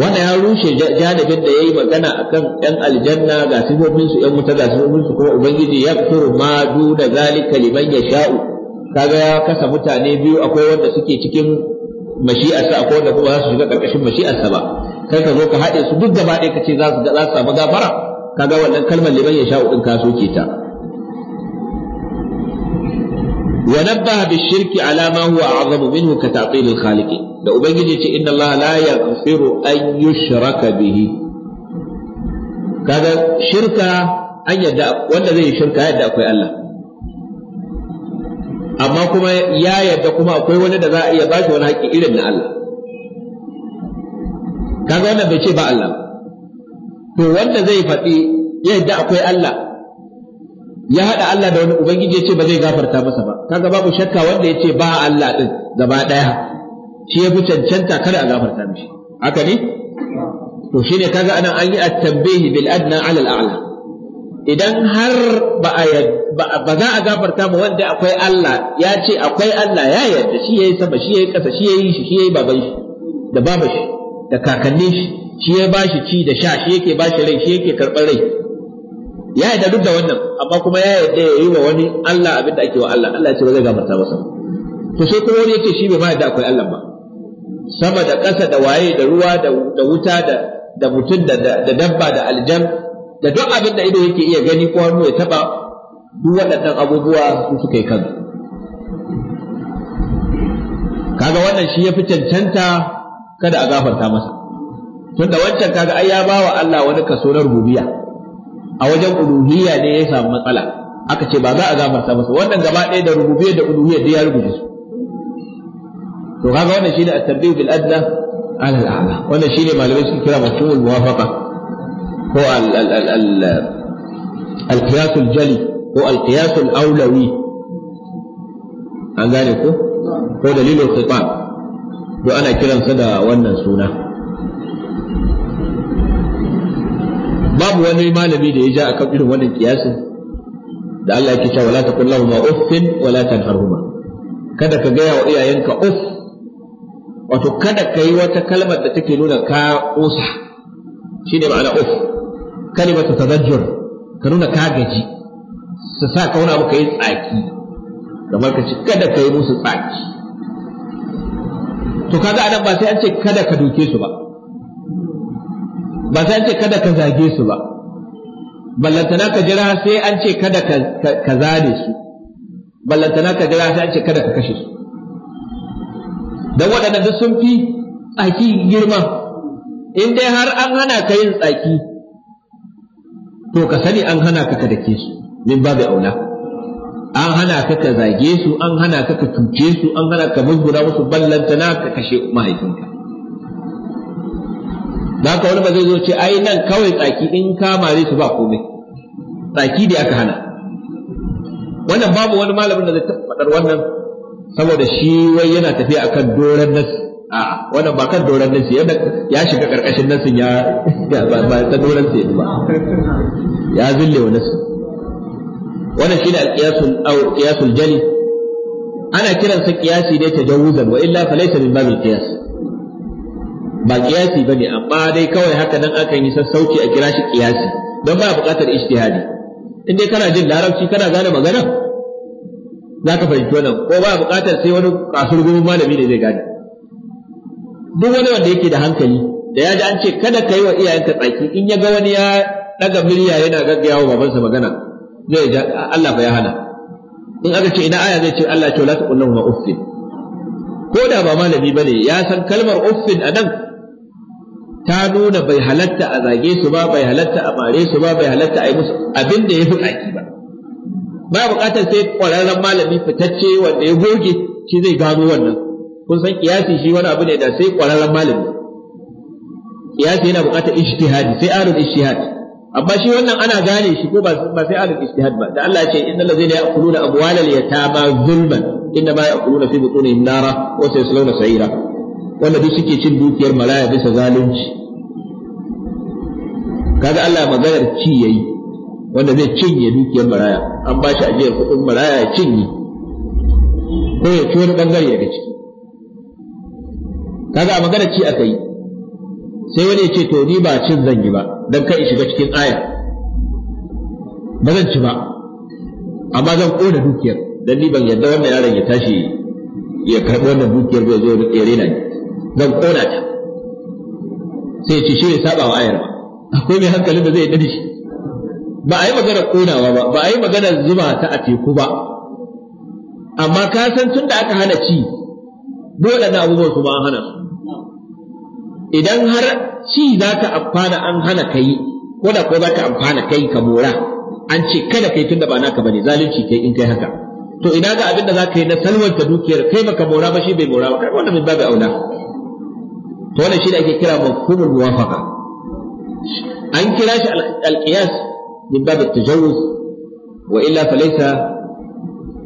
wannan ya rushe janibin da yayi magana akan yan aljanna ga sifofin su yan wuta ga sifofin su kuma ubangiji ya furu ma du da zalika liman yasha'u kaga ya kasa mutane biyu akwai wanda suke cikin mashi'arsa akwai wanda kuma za su shiga karkashin mashi'arsa ba kai ka zo ka haɗe su duk gaba ɗaya ka ce za su za su samu gafara kaga wannan kalmar liman ya sha'u din ka soke ta wa nabbaha bishirki ala ma huwa a'zamu minhu ka ta'til al-khaliq da ubangiji ce inna Allah la yaghfiru an yushraka bihi kaga shirka an yadda wanda zai shirka yadda akwai Allah amma kuma ya yadda kuma akwai wani da za a iya shi wani haƙƙi irin na Allah kaga wannan bai ce ba Allah to wanda zai faɗi ya yadda akwai Allah ya haɗa Allah da wani ubangiji ya ce ba zai gafarta masa ba kaga babu shakka wanda ya ce ba Allah din gaba ɗaya shi ya fi cancanta kada a gafarta mishi haka ne to shine kaga anan an yi at-tanbihi bil adna ala al-a'la idan har ba ba za a gafarta ba wanda akwai Allah ya ce akwai Allah ya yarda shi yayi sama shi yayi ƙasa shi yayi shi shi yayi baban shi da baban shi da kakannin shi shi ya shi ci da sha shi yake ba shi rai shi yake karɓar rai ya yi duk da wannan amma kuma ya yi ya yi wa wani Allah abin da ake wa Allah Allah ya ce ba zai gafarta masa to sai kuma wani yake shi bai ma da akwai Allah ba sama da ƙasa da waye da ruwa da wuta da da mutum da dabba da aljan da duk abin da ido yake iya gani ko hannu ya taba duk waɗannan abubuwa su suka yi kansu kaga wannan shi ya fi cancanta kada a gafarta masa tun da wancan kaga ai ya bawa Allah wani kaso na rububiyya a wajen uluhiyya ne ya samu matsala aka ce ba za a gafarta masa wannan gaba ɗaya da rububiyya da uluhiyya duk ya rubuce su to kaga wannan shine at-tanbih bil adna ala al-a'la wannan shine malamai suke kira mafhumul muwafaqa ko al al qiyas al-jali ko al-qiyas al-awlawi an gane ko ko dalilul khitab to ana kiransa da wannan suna babu wani malami da ya ja akan irin wannan kiyasin da Allah yake cewa wala taqul lahum uffin wala tanharhuma kada ka gaya wa iyayenka uff wato kada ka yi wata kalmar da take nuna ka shi shine ma'ana uff kalimatu tadajjur ka nuna ka gaji su sa ka wani abu ka yi tsaki kamar ka ci kada ka yi musu tsaki to kaga anan ba sai an ce kada ka doke su ba ba sai an ce kada ka zage su ba ballantana ka jira sai an ce kada ka zane su ballantana ka jira sai an ce kada ka kashe su dan waɗannan duk sun fi tsaki girma in dai har an hana ka yin tsaki to ka sani an hana ka ka dake su min babu aula an hana ka ka zage su an hana ka ka cuce su an hana ka musguna musu ballanta na ka kashe mahaifinka da ka wani ba zai zo ce ai nan kawai tsaki in ka mare su ba komai tsaki da aka hana wannan babu wani malamin da zai tabbatar wannan saboda shi wai yana tafiya akan doran nasu a'a wannan ba kan doran nas ya shiga karkashin nasin ya ba ta doran sai ba ya zille wa wannan shine al-qiyasul aw qiyasul jali ana kiransa qiyasi ne tajawuzan wa illa laysa min babil qiyas ba qiyasi bane amma dai kawai haka nan akan yi sassauci a kira shi qiyasi don ba buƙatar ijtihadi in dai kana jin larabci kana gane magana za ka fahimci wannan ko ba buƙatar sai wani kasur gumin malami ne zai gane duk wani wanda yake da hankali da ya ji an ce kada ka yi wa iyayenka tsaki in ya ga wani ya daga murya yana gaggawa babansa magana zai ja Allah fa ya hana in aka ce ina aya zai ce Allah ce la taqullu ma uffin ko da ba malami bane ya san kalmar uffin anan ta nuna bai halatta a zage su ba bai halatta a bare su ba bai halatta a yi musu abin da ya fi kaki ba ba buƙatar sai ƙwararren malami fitacce wanda ya goge shi zai gano wannan kun san kiyasi shi wani abu ne da sai ƙwararren malami kiyasi yana buƙatar ijtihadi sai arin ijtihadi amma shi wannan ana gane shi ko ba sai alif ijtihad ba da Allah ya ce innal ladzina ya'kuluna al yatama zulman inna ma ya'kuluna fi butunihim nara wa sayasluna sa'ira wanda duk suke cin dukiyar malaya bisa zalunci kaga Allah maganar ci yayi wanda zai cinye dukiyar malaya an ba shi ajiyar kuɗin malaya ya cinye ko ya ci wani bangare daga ciki kaga a maganar ci aka yi sai wani ya ce to ni ba cin zan yi ba dan kai shiga cikin aya ba zan ci ba amma zan kona dukiyar dan ni ban yarda wannan yaron ya tashi ya karɓi wannan dukiyar ya zo ya rena ni zan kona ta sai ce shi ne saba wa ayar ba akwai mai hankalin da zai dadi shi ba a yi magana konawa ba ba a yi magana zuba ta a teku ba amma ka san tun da aka hana ci dole na abubuwan su ma hana su idan har ci za ka amfana an hana ka yi ko da ko za ka amfana ka yi, ka mora an ce kada kai tunda ba naka bane zalunci kai in kai haka to ina ga abin da za ka yi na salwanta dukiyar kai baka mora ba shi bai mora ba kai wanda mai babu auna. to wannan shi da ake kira mafhumul muwafaqa an kira shi alqiyas min babu tajawuz wa illa falaysa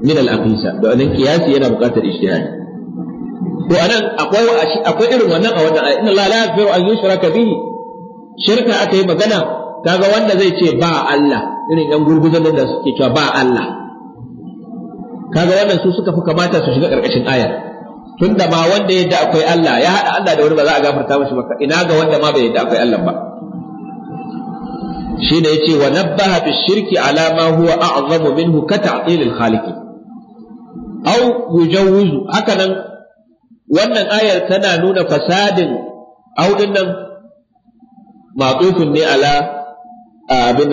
min al-aqisa da wannan qiyasi yana buƙatar ijtihadi to anan akwai akwai irin wannan a wannan inna la la yaghfiru an yushraka bihi shirka aka yi magana kaga wanda zai ce ba Allah irin yan gurguzan da suke cewa ba Allah kaga wannan su suka fi kamata su shiga karkashin ayar tunda ba wanda yadda akwai Allah ya hada Allah da wani ba za a gafarta mishi ba ina ga wanda ma bai yadda akwai Allah ba shi ne yace wa nabbaha bi shirki ala ma huwa a'zamu minhu ka ta'til al khaliq aw yujawwizu hakanan wannan ayar tana nuna fasadin audin nan matsufin ne ala abin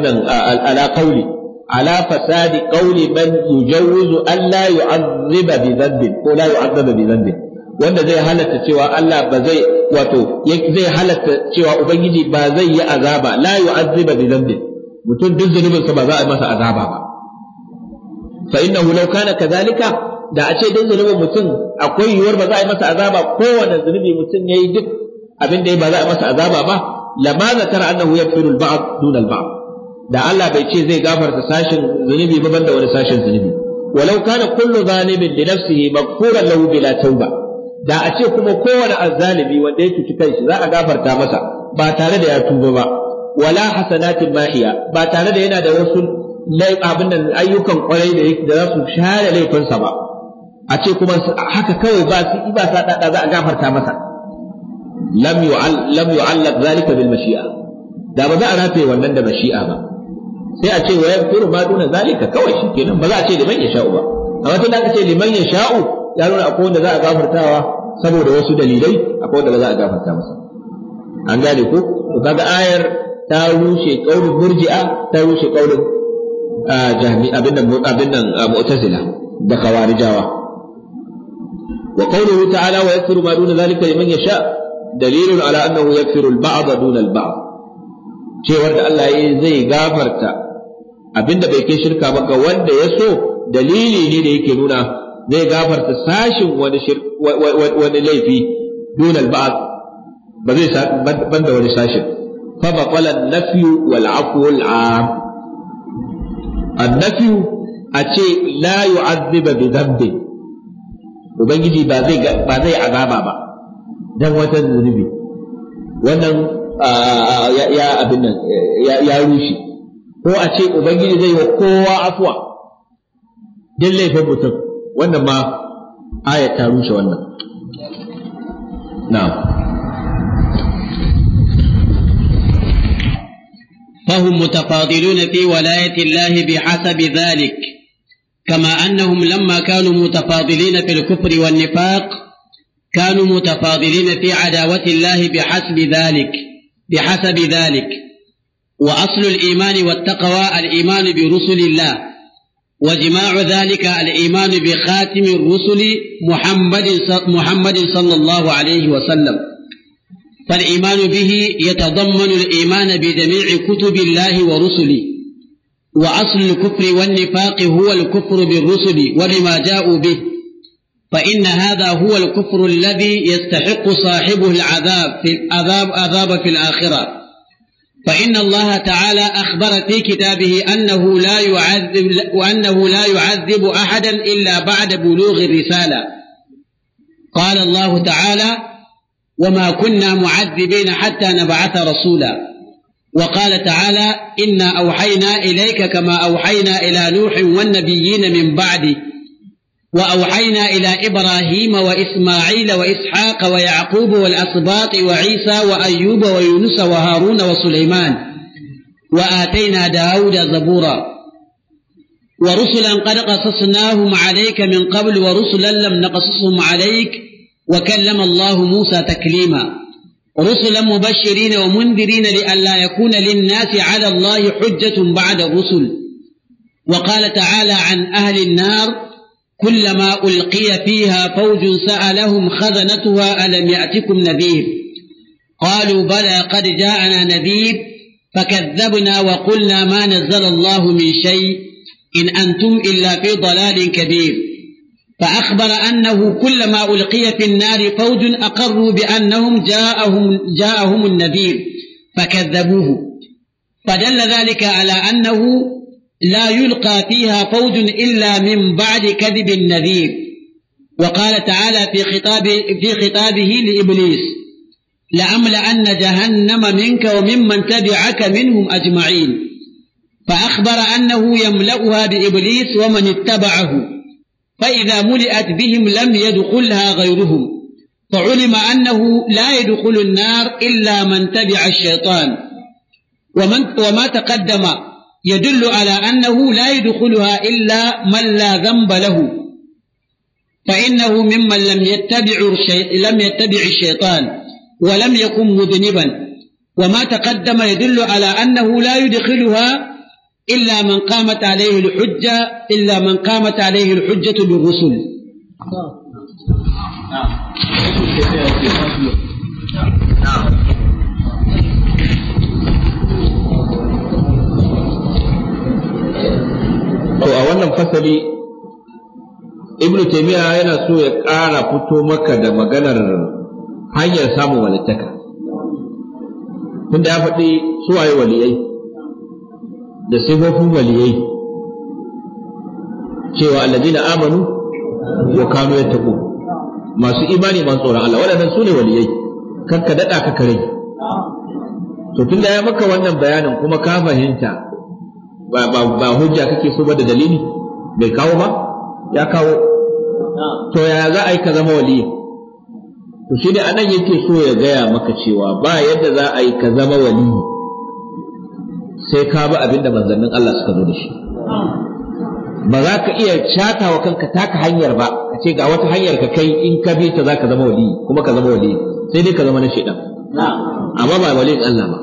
nan ala kauli ala fasadi kauli man yujawwizu an la yu'azziba bi dhanbin ko la yu'azzaba bi dhanbin wanda zai halatta cewa Allah ba zai wato zai halatta cewa ubangiji ba zai yi azaba la yu'azziba bi dhanbin mutum duk zunubinsa ba za a masa azaba ba fa innahu law kana kadhalika da a ce dan zunubin mutum akwai yiwuwar ba za a yi masa azaba kowane zunubi mutum yayi duk abin da ya ba za a yi masa azaba ba lama tara annahu yaghfiru al-ba'd dun al da Allah bai ce zai gafarta sashin zunubi ba banda wani sashin zunubi walau kana kullu zalimin li nafsihi maghfuran lahu bila tauba da a ce kuma kowane azzalimi wanda ya kai su za a gafarta masa ba tare da ya tuba ba wala hasanatin mahiya ba tare da yana da wasu abin nan ayyukan kwarai da za su share laifinsa ba a ce kuma haka kawai ba su ba sa dada za a gafarta masa lam yu'al lam yu'allaq zalika bil mashi'a da ba za a rafe wannan da mashi'a ba sai a ce wa yakuru ma duna zalika kawai shikenan ba za a ce liman yasha'u ba amma tun da aka ce liman yasha'u ya nuna akwai wanda za a gafartawa saboda wasu dalilai akwai wanda ba za a gafarta masa an gane ko to kaga ayar ta rushe kaulin murji'a ta rushe ah, jami'a. abin nan ah, mu'tazila da jawa. wa qawluhu ta'ala wa yaghfiru ma duna zalika liman yasha dalilun ala annahu yaghfiru al-ba'd duna al-ba'd cewar da Allah yayi zai gafarta abinda bai kai shirka ba ga wanda ya so dalili ne da yake nuna zai gafarta sashin wani wani laifi duna al-ba'd ba zai banda wani sashin fa baqala an-nafyu wal 'afwu al-'am an-nafyu a ce la yu'azziba bi dhanbin ubangiji ba zai ba zai azaba ba dan wata zunubi wannan ya abin nan ya rushe ko a ce ubangiji zai wa kowa afuwa? dan laifin mutum wannan ma aya ta rushe wannan na'am فهم متفاضلون في ولاية الله بحسب ذلك كما أنهم لما كانوا متفاضلين في الكفر والنفاق كانوا متفاضلين في عداوة الله بحسب ذلك بحسب ذلك وأصل الإيمان والتقوى الإيمان برسل الله وجماع ذلك الإيمان بخاتم الرسل محمد محمد صلى الله عليه وسلم فالإيمان به يتضمن الإيمان بجميع كتب الله ورسله وأصل الكفر والنفاق هو الكفر بالرسل وبما جاءوا به فإن هذا هو الكفر الذي يستحق صاحبه العذاب في العذاب عذاب في الآخرة فإن الله تعالى أخبر في كتابه أنه لا يعذب وأنه لا يعذب أحدا إلا بعد بلوغ الرسالة قال الله تعالى وما كنا معذبين حتى نبعث رسولا وقال تعالى إنا أوحينا إليك كما أوحينا إلى نوح والنبيين من بعد وأوحينا إلى إبراهيم وإسماعيل وإسحاق ويعقوب والأسباط وعيسى وأيوب ويونس وهارون وسليمان وآتينا داود زبورا ورسلا قد قصصناهم عليك من قبل ورسلا لم نقصصهم عليك وكلم الله موسى تكليما رسلا مبشرين ومنذرين لئلا يكون للناس على الله حجة بعد الرسل وقال تعالى عن أهل النار كلما ألقي فيها فوج سألهم خزنتها ألم يأتكم نذير قالوا بلى قد جاءنا نذير فكذبنا وقلنا ما نزل الله من شيء إن أنتم إلا في ضلال كبير فأخبر أنه كلما ألقي في النار فوج أقروا بأنهم جاءهم, جاءهم النذير فكذبوه فدل ذلك على أنه لا يلقى فيها فوج إلا من بعد كذب النذير وقال تعالى في, خطاب في خطابه لإبليس لأملأن جهنم منك وممن تبعك منهم أجمعين فأخبر أنه يملأها بإبليس ومن اتبعه فإذا ملئت بهم لم يدخلها غيرهم فعلم أنه لا يدخل النار إلا من تبع الشيطان ومن وما تقدم يدل على أنه لا يدخلها إلا من لا ذنب له فإنه ممن لم يتبع لم يتبع الشيطان ولم يكن مذنبا وما تقدم يدل على أنه لا يدخلها إلا من قامت عليه الحجة إلا من قامت عليه الحجة بالرسل To a wannan fasali Ibn Taymiyyah yana so ya ƙara fito maka da maganar hanyar samun walittaka. Tunda ya faɗi suwaye waliyai. da sifofin waliyai cewa alladina amanu wa kanu tabo masu imani masu tsoron Allah waɗannan su ne waliyai kan ka daɗa ka kare to tunda ya maka wannan bayanin kuma ka fahimta ba ba hujja kake so ba da dalili bai kawo ba ya kawo to yaya za a yi ka zama waliyi to shi ne anan yake so ya gaya maka cewa ba yadda za a yi ka zama waliyi sai ka bi abin da manzannin Allah suka zo da shi ba za ka iya shata wa kanka taka hanyar ba ka ce ga wata hanyar ka kai in ka bi ta za ka zama wali kuma ka zama wali sai dai ka zama na shaidan amma ba waliyin Allah ba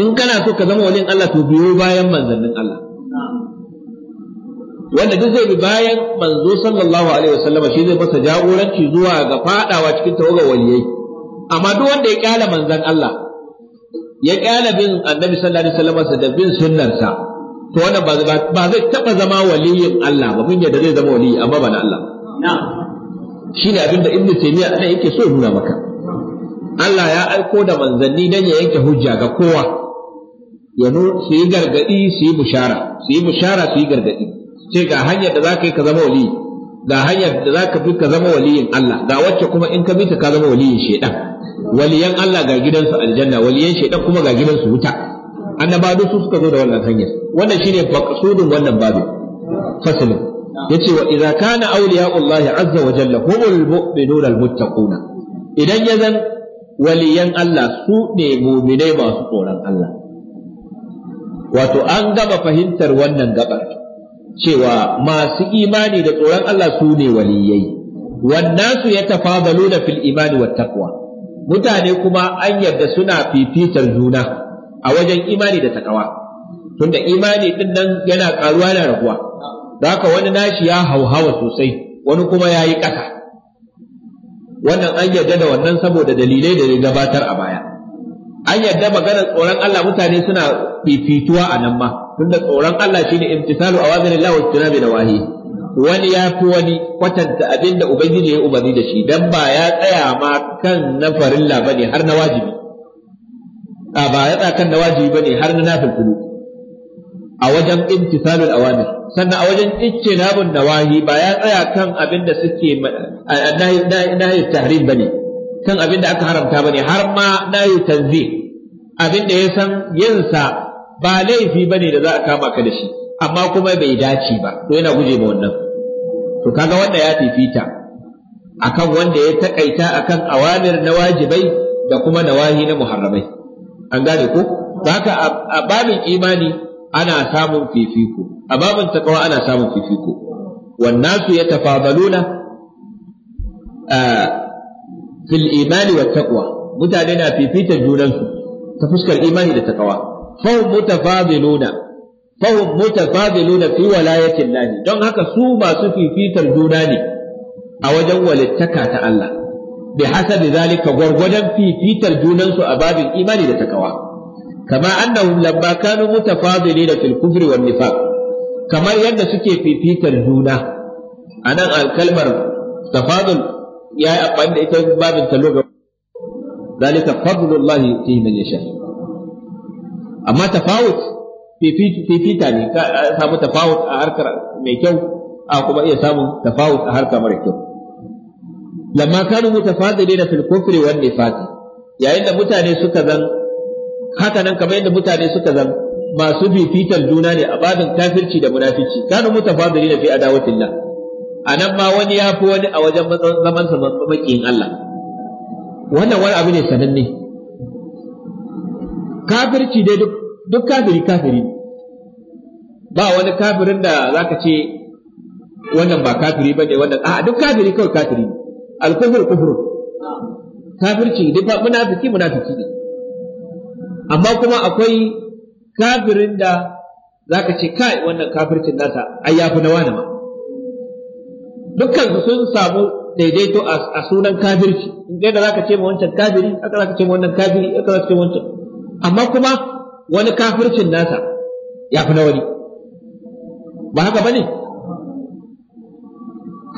in kana so ka zama waliyin Allah to biyo bayan manzannin Allah wanda duk zai bi bayan manzo sallallahu alaihi wasallama shi zai masa jagoranci zuwa ga fadawa cikin tawagar waliyai amma duk wanda ya kyala manzan Allah ya kyala bin annabi sallallahu alaihi wasallam da bin sunnarsa to wannan ba zai taba zama waliyin Allah ba mun yadda zai zama waliyi amma ba na Allah shine abinda ibnu taymiya da yake so nuna maka Allah ya aiko da manzanni dan ya yanke hujja ga kowa ya su yi gargadi su yi bushara su yi bushara su yi gargadi sai ga hanyar da zaka yi ka zama waliyi ga hanyar da za ka fi ka zama waliyin Allah ga wacce kuma in ka bi ta ka zama waliyin shaidan waliyan Allah ga gidansu aljanna waliyan shaidan kuma ga gidansu wuta annaba su suka zo da wannan hanyar wannan shine sudu. wannan babu fasalin yace wa idza kana awliya'ullahi azza wa jalla humul mu'minuna almuttaquna idan ya zan waliyan Allah su ne mu'minai masu tsoron Allah wato an gama fahimtar wannan gabar cewa masu imani da tsoron Allah su ne waliyai wannasu ya da fil imani wa taqwa mutane kuma an yarda suna fifitar juna a wajen imani da takawa tunda imani din nan yana karuwa da raguwa haka wani nashi ya hauhawa sosai wani kuma ya yi ƙasa wannan an yarda da wannan saboda dalilai da ya gabatar a baya an yarda maganar tsoron Allah mutane suna fifituwa a nan ma tunda tsoron Allah shine imtisalu awamirillah wa tunabi nawahi wani ya fi wani kwatanta abin da ubangiji ya umarni da shi dan ba ya tsaya ma kan na farilla bane har na wajibi a ba ya tsaya kan na wajibi bane har na nafil a wajen imtisalul awamir sannan a wajen ijtinabun nawahi ba ya tsaya kan abin da suke nahi tahrim bane kan abin da aka haramta bane har ma nahi tanzih abin da ya san yin sa ba laifi ba ne da za a kama ka da shi amma kuma bai dace ba to yana guje ma wannan to kaga wanda ya fifita akan wanda ya takaita akan awamir na wajibai da kuma nawahi na muharramai an gane ko haka a babin imani ana samun fifiko a babin takawa ana samun fifiko Wannan su wannasu a fil imani wa takwa mutane na fifita junansu ta fuskar imani da takawa fahim mutafadiluna fahim mutafadiluna fi walayatin lahi don haka su masu fifitar juna ne a wajen walittaka ta Allah bi hasabi zalika gwargwadon fifitar junansu a babin imani da takawa kama annahum lamma kanu mutafadilina fil kufri wan nifaq kamar yadda suke fifitar juna anan alkalmar tafadul ya yi amfani da ita babin taloga amma tafawut fifita ne ka samu tafawut a harkar mai kyau a kuma iya samun tafawut a harka mara kyau lamma kanu mutafadilina fil kufri wan nifaq yayin da mutane suka zan haka nan kamar yadda mutane suka zan masu fifitar juna ne a babin kafirci da munafici kanu mutafadilina fi adawatillah nan ma wani ya fi wani a wajen zaman sa makiyin Allah wannan wani abu ne sananne kafirci dai duk kafiri kafiri ba wani kafirin da zaka ce wannan ba kafiri bane wannan a duk kafiri kawai kafiri al-kufru kufru kafirci duk munafiki munafiki ne amma kuma akwai kafirin da zaka ce kai wannan kafircin nasa ai yafi na wani ma dukkan sun samu daidaito a sunan kafirci in da zaka ce ma wancan kafiri haka zaka ce ma wannan kafiri haka zaka ce ma wancan amma kuma wani kafircin nasa ya fi na wani ba haka bane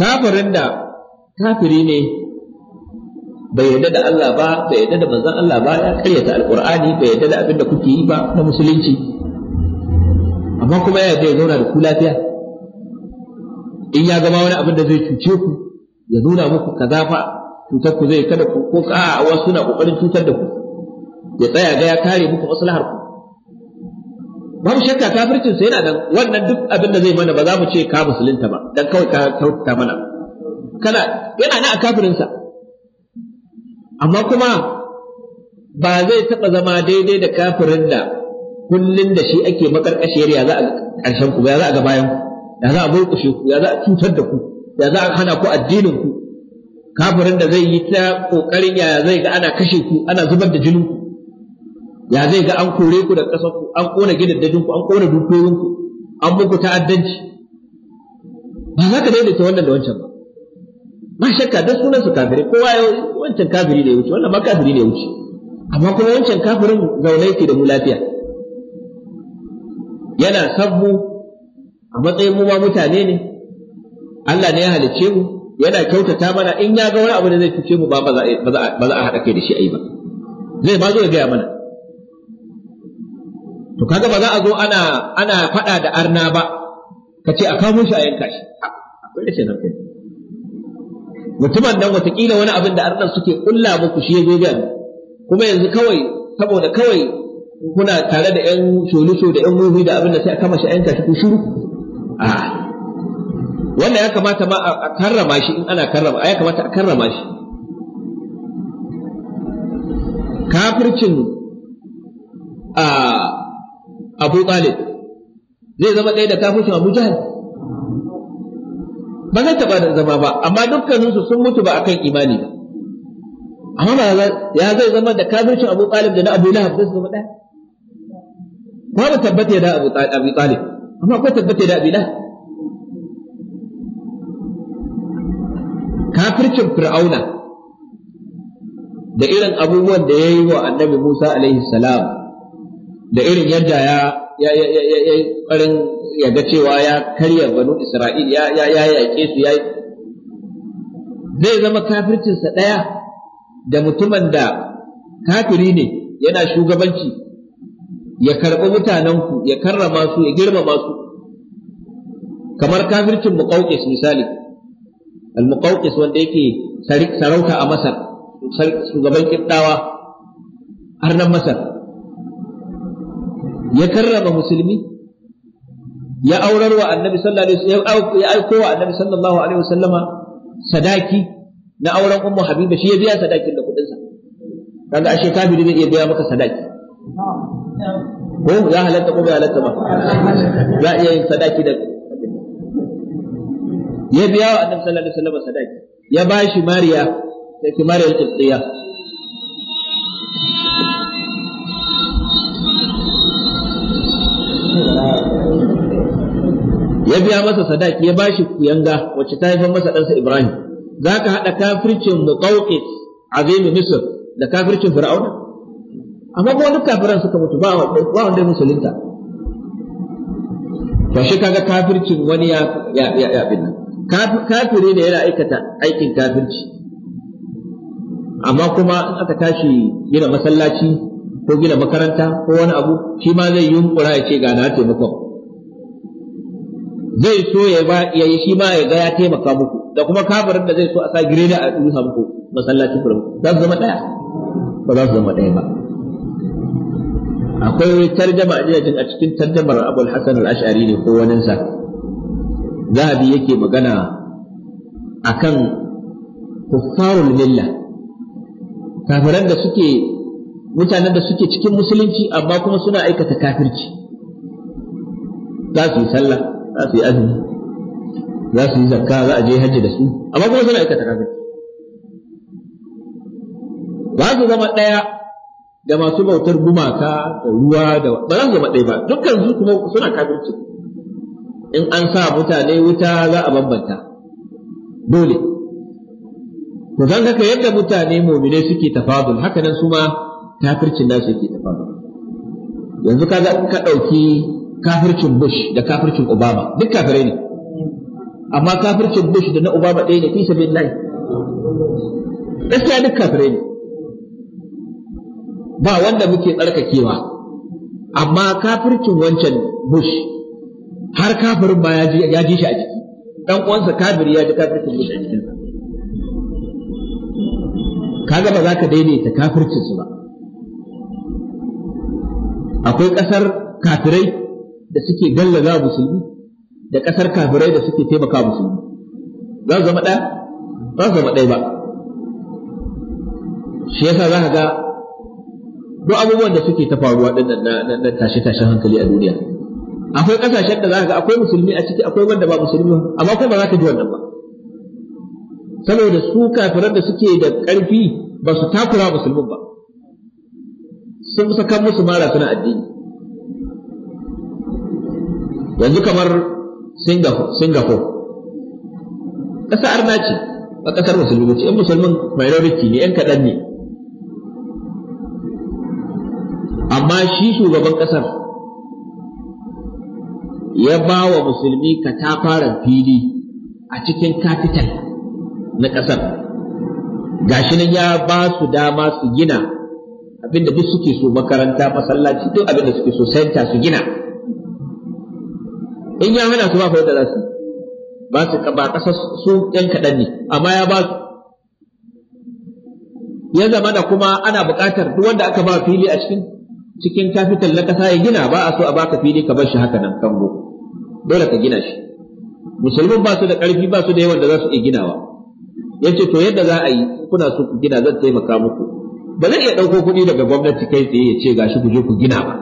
kafirin da kafiri ne bai yarda da Allah ba bai yarda da manzon Allah ba ya karyata alqur'ani bai yarda da abin da kuke yi ba na musulunci amma kuma ya yarda zauna da ku lafiya in ya gama wani abin da zai cuce ku ya nuna muku kaza fa cutar ku zai kada ku ko ka wasu na kokarin cutar da ku ya tsaya ga ya kare muku maslahar ku babu shakka kafircin sai yana nan wannan duk abin da zai mana ba za mu ce ka musulunta ba dan kawai ka kyautata mana kana yana nan a kafirinsa amma kuma ba zai taɓa zama daidai da kafirin da kullun da shi ake makarkashiyar ya za a ƙarshen ku ya za a ga bayan ya za a burkushe ku ya za a cutar da ku ya za a hana ku addinin ku kafirin da zai yi ta kokarin ya zai ga ana kashe ku ana zubar da jinin ku ya zai ga an kore ku da ƙasar ku an kona gidaddajin ku an kona dukiyoyin ku an muku ta'addanci ba za ka daidaita wannan da wancan ba ba shakka da sunan su kafiri kowa ya wancan kafiri ne ya wuce wannan ma kafiri ne ya wuce amma kuma wancan kafirin zaune yake da mu lafiya yana san mu a matsayin mu ma mutane ne Allah ne ya halicce mu yana kyautata mana in ya ga wani abu da zai cuce mu ba ba za a haɗa kai da shi a yi ba zai ma zo ya gaya mana to kaga ba za a zo ana ana faɗa da arna ba ka ce a kawo shi a yanka shi akwai rashin hankali mutumin nan watakila wani abin da arnan suke kulla muku shi ya zo ni, kuma yanzu kawai saboda kawai kuna tare da yan sholisho da yan muhi da abin da sai a kama shi a yanka shi ku shiru a wannan ya kamata ma a karrama shi in ana karrama ya kamata a karrama shi kafircin a Abu Talib zai zama ɗaya da kafin Abu Jahal ba zai taɓa zama ba amma dukkaninsu sun mutu ba akan imani ba amma ba ya zai zama da kafircin Abu Talib da na Abu Lahab zai zama ɗaya ba ba tabbata da Abu Talib amma ko tabbata da Abu Lahab kafircin fir'auna da irin abubuwan da ya yi wa annabi Musa alaihi salam da irin yadda ya ya ya ya ya karin ya ga cewa ya karya banu Isra'il ya ya ya ke su yayi zai zama kafircin sa daya da mutumin da kafiri ne yana shugabanci ya karɓi mutanenku ya karrama su ya girmama su kamar kafircin muqawqis misali al-muqawqis wanda yake sarauta a Masar shugaban kiddawa har nan Masar ya karrama musulmi ya aurar wa annabi sallallahu alaihi wasallam ya aiko wa annabi sallallahu alaihi wasallama sadaki na auren ummu habiba shi ya biya sadakin da kudin sa kaga ashe kafiri zai iya biya maka sadaki ko ya halatta ko bai halatta ba za iya yin sadaki da ya biya wa annabi sallallahu alaihi wasallam sadaki ya bashi mariya sai ki mariya al-qibtiyya biya masa sadaki ya ba shi kuyanga wacce ta haifar masa ɗansa Ibrahim za ka haɗa kafircin muqawqis azimi Misir da kafircin Fir'auna amma ko duk kafiran suka mutu ba wa wanda ya musulunta Ba shi kaga kafircin wani ya ya ya, kafiri ne yana aikata aikin kafirci amma kuma in aka tashi gina masallaci ko gina makaranta ko wani abu shi ma zai yunƙura ya ce ga na taimakon zai so ya ba ya yi shi ma ya ga ya taimaka muku da kuma kafirin da zai so a sa gireda a rusa muku masallacin kurmu za su zama daya ba za su zama daya ba akwai tarjama a jin a cikin tarjamar Abul Hasan al-Ash'ari ne ko wani sa Zahabi yake magana akan kuffarul millah kafiran da suke mutanen da suke cikin musulunci amma kuma suna aikata kafirci za su yi sallah za su yi azumi za su yi zakka za a je hajji da su amma kuma suna aikata kafir ba su zama ɗaya da masu bautar gumaka da ruwa da ba za su zama ɗaya ba dukkan su kuma suna kafirci in an sa mutane wuta za a bambanta dole to zan haka yadda mutane mumine suke tafadul haka nan su ma kafircin nasu yake tafadul yanzu kaga in ka ɗauki kafircin Bush da kafircin Obama duk kafirai ne amma kafircin Bush da na Obama ɗaya ne bin lai gaskiya duk kafirai ne ba wanda muke tsarkakewa amma kafircin wancan Bush har kafirin ba ya ji shi a jiki dan uwansa kafiri ya ji kafircin Bush a jikinsa kaga ba za ka daidaita kafircin su ba akwai ƙasar kafirai da suke gallaza musulmi da ƙasar kafirai da suke taimaka musulmi za su zama ɗaya za su zama ɗaya ba shi yasa za ka ga duk abubuwan da suke ta faruwa ɗin nan na tashe-tashen hankali a duniya akwai ƙasashen da za ka ga akwai musulmi a ciki akwai wanda ba musulmi amma kuma ba za ka ji wannan ba saboda su kafiran da suke da ƙarfi ba su takura musulmin ba sun sakan musu mara suna addini yanzu kamar singapore ƙasa arna ce a ƙasar musulmi ce 'Yan musulmin minority ne 'yan kaɗan ne amma shi shugaban ƙasar ya ba wa musulmi katafaren fili a cikin kafital na ƙasar gashi nan ya ba su dama su gina abinda duk suke so makaranta masallaci duk abinda suke so center su gina in ya hana su ba fa yadda za su ba su ba kasa su ɗan kaɗan ne amma ya ba su ya zama da kuma ana buƙatar duk wanda aka ba fili a cikin cikin kafital na ƙasa ya gina ba a so a baka fili ka bar shi haka nan kango dole ka gina shi musulmin ba su da ƙarfi ba su da yawan da za su iya ginawa ya ce to yadda za a yi kuna so ku gina zan taimaka muku ba zan iya ɗauko kuɗi daga gwamnati kai tsaye ya ce ga shi ku je ku gina ba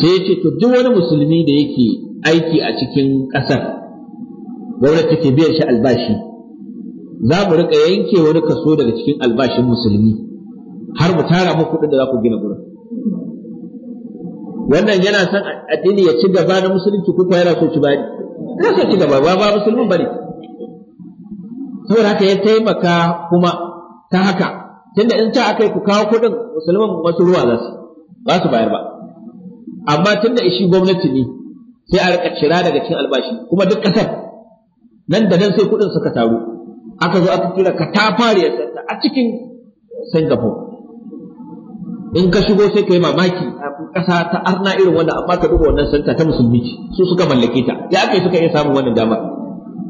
sai ya ce to duk wani musulmi da yake aiki a cikin ƙasar gwamnati take biyan shi albashi za mu rika yanke wani kaso daga cikin albashin musulmi har mu tara muku kuɗin da za ku gina gurin wannan yana son addini ya ci gaba da musulunci ko yana so ci bani yana so ci gaba ba ba musulmin bane saboda haka ya taimaka kuma ta haka tunda in ta akai ku kawo kuɗin musulman wasu ruwa za su ba su bayar ba amma tun da shi gwamnati ne sai a rika cira daga cikin albashi kuma duk kasar nan da nan sai kuɗin suka taru aka zo aka kira ka ta fare a cikin Singapore in ka shigo sai ka yi mamaki a ƙasa ta arna irin wanda amma ka duba wannan santa ta musulmi su suka mallake ta ya aka suka iya samun wannan dama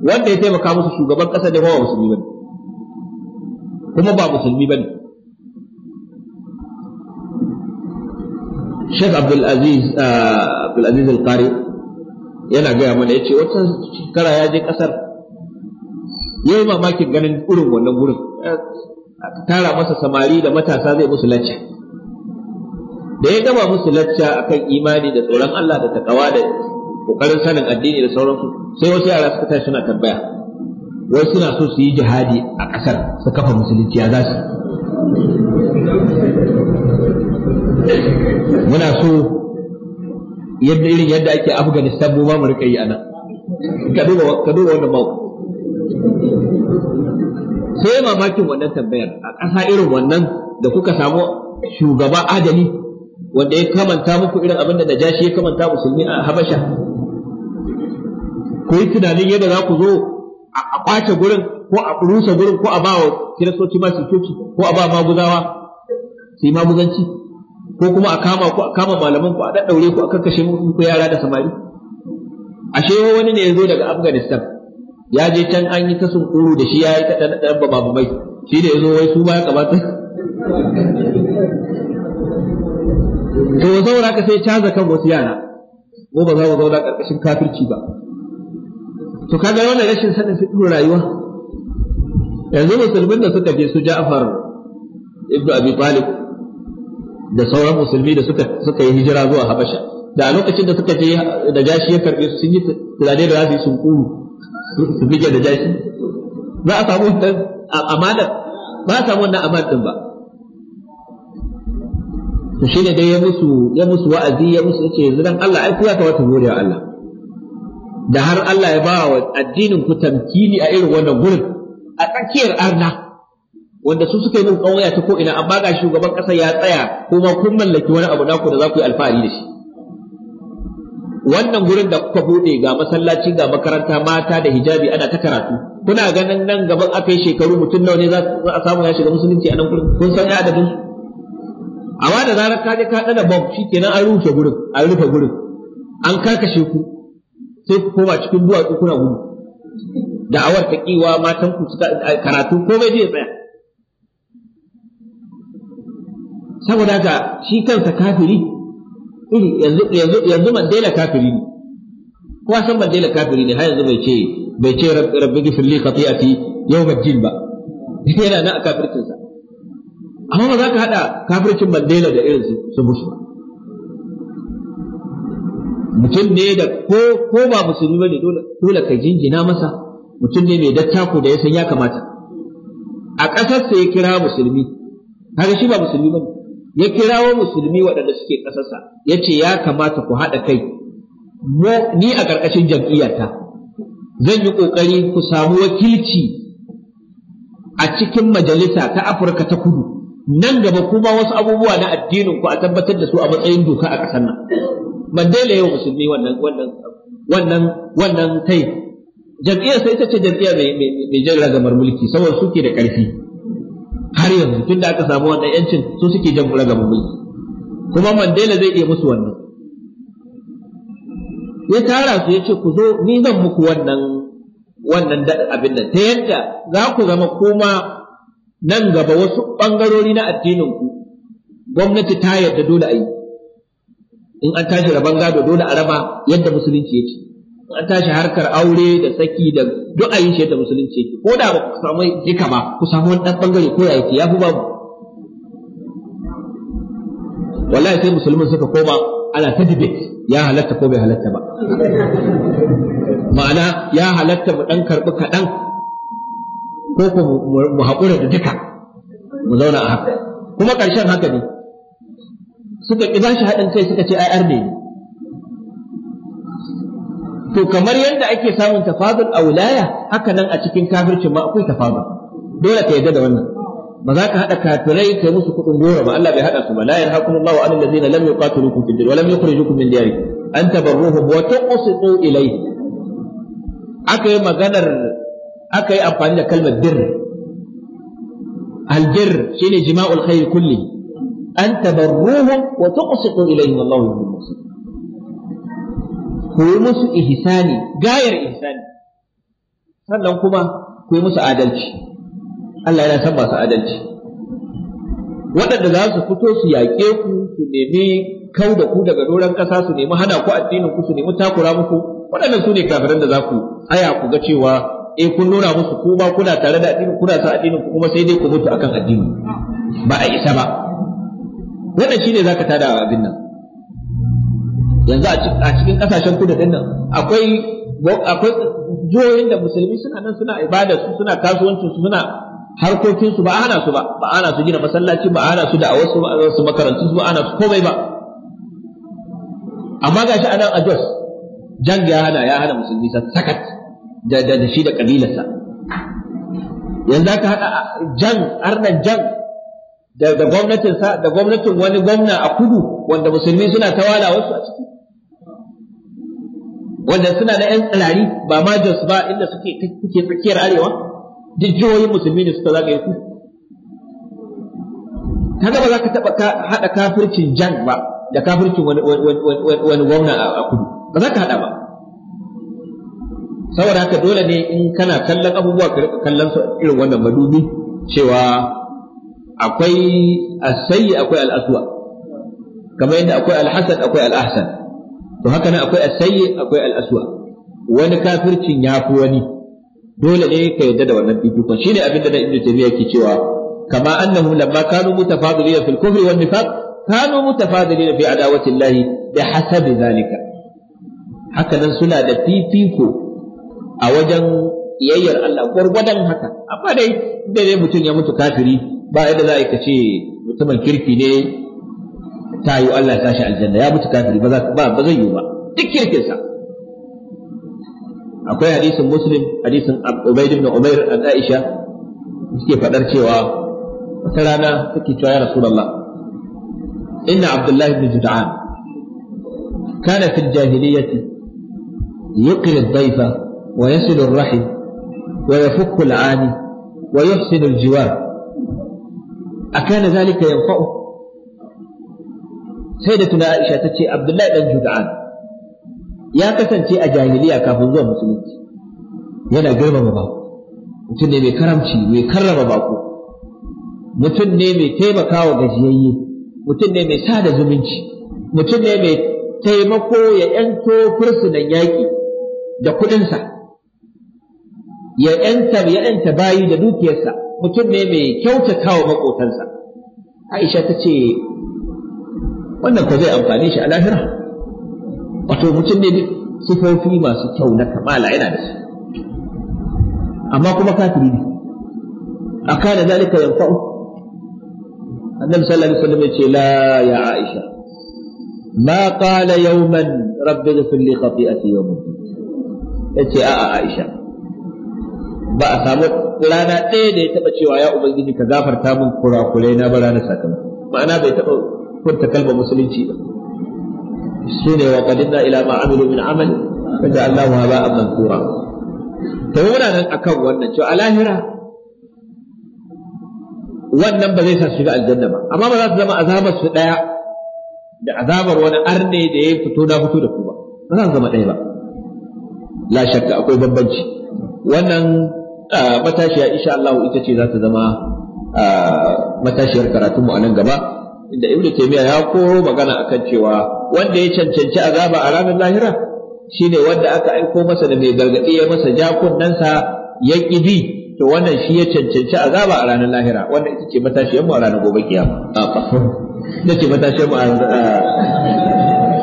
wanda ya taimaka musu shugaban ƙasa da ba musulmi bane kuma ba musulmi bane Sheikh Abdul Aziz ah, Abdul Aziz Al-Qari yana gaya mana yace wata shekara ya je kasar yayi mamakin ganin irin wannan gurin tara masa samari da matasa zai musu lacca da ya gama musu lacca akan imani da tsoron Allah da takawa da kokarin sanin addini da sauransu sai wasu yara suka tashi suna tambaya wai suna so su yi jihadi a kasar su kafa musulunci ya za su muna so yadda irin yadda ake afganistan mu ma mu rika yi a nan ka duba wannan ba sai mamakin wannan tambayar a ƙasa irin wannan da kuka samu shugaba adali wanda ya kamanta muku irin abin da najashi ya kamanta musulmi a habasha ku yi tunanin yadda za ku zo a ƙwace gurin ko a rusa gurin ko a ba wa kiristoci masu coci ko a ba maguzawa su yi maguzanci ko kuma a kama ku a kama malaman ku a daddaure ku a kakkashe ku yara da samari ashe wani ne ya zo daga Afghanistan ya je can an yi ta kuru da shi ya yi ta dan babu mai shi ne ya zo wai su ba ya kamata to zaura ka sai caza kan wasu yara ko ba za ku zauna karkashin kafirci ba to kaga wannan rashin sanin fiqh rayuwa yanzu musulmin da suka je su Ja'far ibnu Abi Talib da sauran musulmi da suka suka yi hijira zuwa habasha da a lokacin da suka je da jashi ya karbe sun yi tunane da za yi sun kuru su bige da jashi ba a samu wannan amana ba a samu wannan amana din ba to shine dai ya musu ya musu wa'azi ya musu yace yanzu dan Allah ai ku wata kawata godiya Allah da har Allah ya ba wa addinin ku tamkini a irin wannan gurin a tsakiyar arna wanda su suka yi min kawaya ta ko ina amma ga shugaban ƙasa ya tsaya kuma kun mallaki wani abu naku da za ku yi alfahari da shi wannan gurin da kuka bude ga masallaci ga makaranta mata da hijabi ana ta karatu kuna ganin nan gaban aka yi shekaru mutum nawa ne za a samu ya shiga musulunci a nan gurin kun san ya adadin amma da zarar ka je ka dana bomb kenan an rufe gurin an rufe gurin an karkashe ku sai ku koma cikin duwatsu kuna gudu da'awar ta kiwa matan ku suka karatu komai zai tsaya saboda haka shi kansa kafiri iri yanzu yanzu yanzu Mandela kafiri ne a san Mandela kafiri ne har yanzu bai ce bai ce rabbi li khati'ati yawm al-jin ba [LAUGHS] yana nan a kafircin sa amma ba za ka hada kafircin Mandela da irin su Bush ba mutum ne da ko ko ba musulmi bane dole dole ka jinjina masa mutum ne mai dattako da ya san ya kamata a ƙasar sa ya kira musulmi kaga shi ba musulmi bane ya kirawo musulmi waɗanda suke ƙasarsa ya ce ya kamata ku haɗa kai ni a ƙarƙashin jam'iyyata zan yi ƙoƙari ku samu wakilci a cikin majalisa ta afirka ta kudu nan gaba kuma wasu abubuwa na addinin ku a tabbatar da su a matsayin doka a ƙasar nan mandela yau musulmi wannan wannan kai jam'iyyar sai ita ce jam'iyyar mai mai jan ragamar mulki saboda suke da ƙarfi har yanzu tun da aka samu wannan yancin su suke jan kura gaban mulki kuma Mandela zai iya musu wannan ya tara su ya ce ku zo ni zan muku wannan wannan abin nan ta yadda za ku zama kuma nan gaba wasu ɓangarori na addinin ku gwamnati ta yarda dole a yi in an tashi raban gado dole a raba yadda musulunci ya ce an tashi harkar aure da saki da duk ayin shi da musulunci ko da ba ku samu duka ba ku samu wani dan bangare ko yayi ya fi babu wallahi sai musulmin suka koma ala ta ya halatta ko bai halatta ba ma'ana ya halatta mu dan karbi kaɗan ko ko mu hakura da duka mu zauna a haka kuma ƙarshen haka ne suka kidan shi haɗin kai suka ce ai arne ne to kamar yadda ake samun tafadul a wilaya haka nan a cikin kafircin ma akwai tafadul dole ka yarda da wannan ba za ka hada kafirai kai musu kudin goro ba Allah bai hada su ba la yarhakumullahu an ladzina lam yuqatilukum fid din wa lam yukhrijukum min diyarikum an tabarruhum wa tuqsitu ilayhi aka yi maganar aka yi amfani da kalmar dir albir shine jima'ul khair kulli an tabarruhum wa tuqsitu ilayhi wallahu yuhibbul muhsinin koyi musu ihsani gayar ihsani sannan kuma koyi musu adalci Allah yana san masu adalci waɗanda za su fito su yaƙe ku su nemi kau da ku daga doron ƙasa su nemi hana ku addinin ku su nemi takura muku waɗannan su ne kafiran da za ku aya ku ga cewa e kun nuna musu ku ba kuna tare da addinin kuna sa addinin ku kuma sai dai ku mutu akan addini ba a isa ba wannan shine zaka tada abin nan yanzu a cikin kasashen kudu din nan akwai akwai jihohin da musulmi suna nan suna ibada su suna kasuwancin su suna harkokin su ba a hana su ba ba a hana su gina masallaci ba a hana su da wasu su makarantu ba a hana su komai ba amma ga anan a Jos jang ya hana ya hana musulmi sakat da da shi da kabilarsa yanzu aka hada jang arnan jang da sa da gwamnatin wani gwamna a kudu wanda musulmi suna tawala wasu a ciki wanda suna na ƴan tsirari ba ma Jos ba inda suke kuke tsakiyar arewa duk jihohin musulmi ne suka zagaye su kaga ba za ka taba haɗa kafircin jan ba da kafircin wani wani gwamna a kudu ba za ka haɗa ba saboda haka dole ne in kana kallon abubuwa ka rika kallon su irin wannan madubi cewa akwai asayi akwai al'aswa kamar yadda akwai alhasan akwai al'ahsan to haka nan akwai asayyi akwai al'aswa wani kafircin ya fi wani dole ne ka yadda da wannan fifikon shine abin da Ibn Taymiyyah yake cewa kama annahu lamma kanu mutafadilina fil kufri wan nifaq kanu mutafadilina fi adawati Allah bi hasabi zalika haka nan suna da fifiko a wajen iyayyar Allah gwargwadon haka amma dai da dai mutum ya mutu kafiri ba yadda za a ce mutumin kirki ne ta yi Allah ta shi aljanna ya mutu kafiri ba za ba ba zai yi ba duk kirkin sa akwai hadisin muslim hadisin ubayd ibn umair an aisha suke fadar cewa wata rana take cewa ya rasulullah inna abdullahi ibn jud'an kana fi jahiliyyati yuqri ad-dayfa wa yasilu ar-rahim wa yafukku al-'ani wa yuhsinu al-jiwar akana dhalika yanfa'u sai da tuna Aisha ta ce Abdullahi dan Juda'an ya kasance a jahiliya kafin zuwa musulunci yana girmama bako mutum ne mai karamci mai karrama bako mutum ne mai taimakawa gajiyayye mutum ne mai sada zumunci mutum ne mai taimako ya yanto fursunan yaƙi da kuɗinsa ya yanta ya yanta bayi da dukiyarsa mutum ne mai kyautatawa maƙotansa Aisha ta ce wannan ko zai amfane shi a lahira wato mutum ne sifofi masu kyau na kamala yana da su amma kuma kafiri ne a kana zalika yanfa'u annabi sallallahu alaihi wasallam ya ce la ya aisha ma qala yawman rabbi ghfir li khati'ati yawm yace a aisha ba a samu rana ɗaya da ya taɓa cewa ya ubangiji ka gafarta min kurakurai na ba ranar sakamako ma'ana bai taɓa kunta kalmar musulunci ba su ne wa qadinna ila ma amilu min amali fa ja'alnahu haba'an mansura to muna nan akan wannan cewa a lahira wannan ba zai sa shiga aljanna ba amma ba za su zama azabar su daya da azabar wani arne da ya fito na fito da ku ba ba za su zama ɗaya ba la shakka akwai bambanci wannan matashiya ita ce za ta zama matashiyar karatunmu a nan gaba inda ibnu taymiya ya koro magana akan cewa wanda ya cancanci azaba a ranar lahira shine wanda aka aiko masa da mai gargadi ya masa sa ya bi to wannan shi ya cancanci azaba a ranar lahira wanda ita ce matashiyar mu a ranar gobe kiyama ita ce matashiyar mu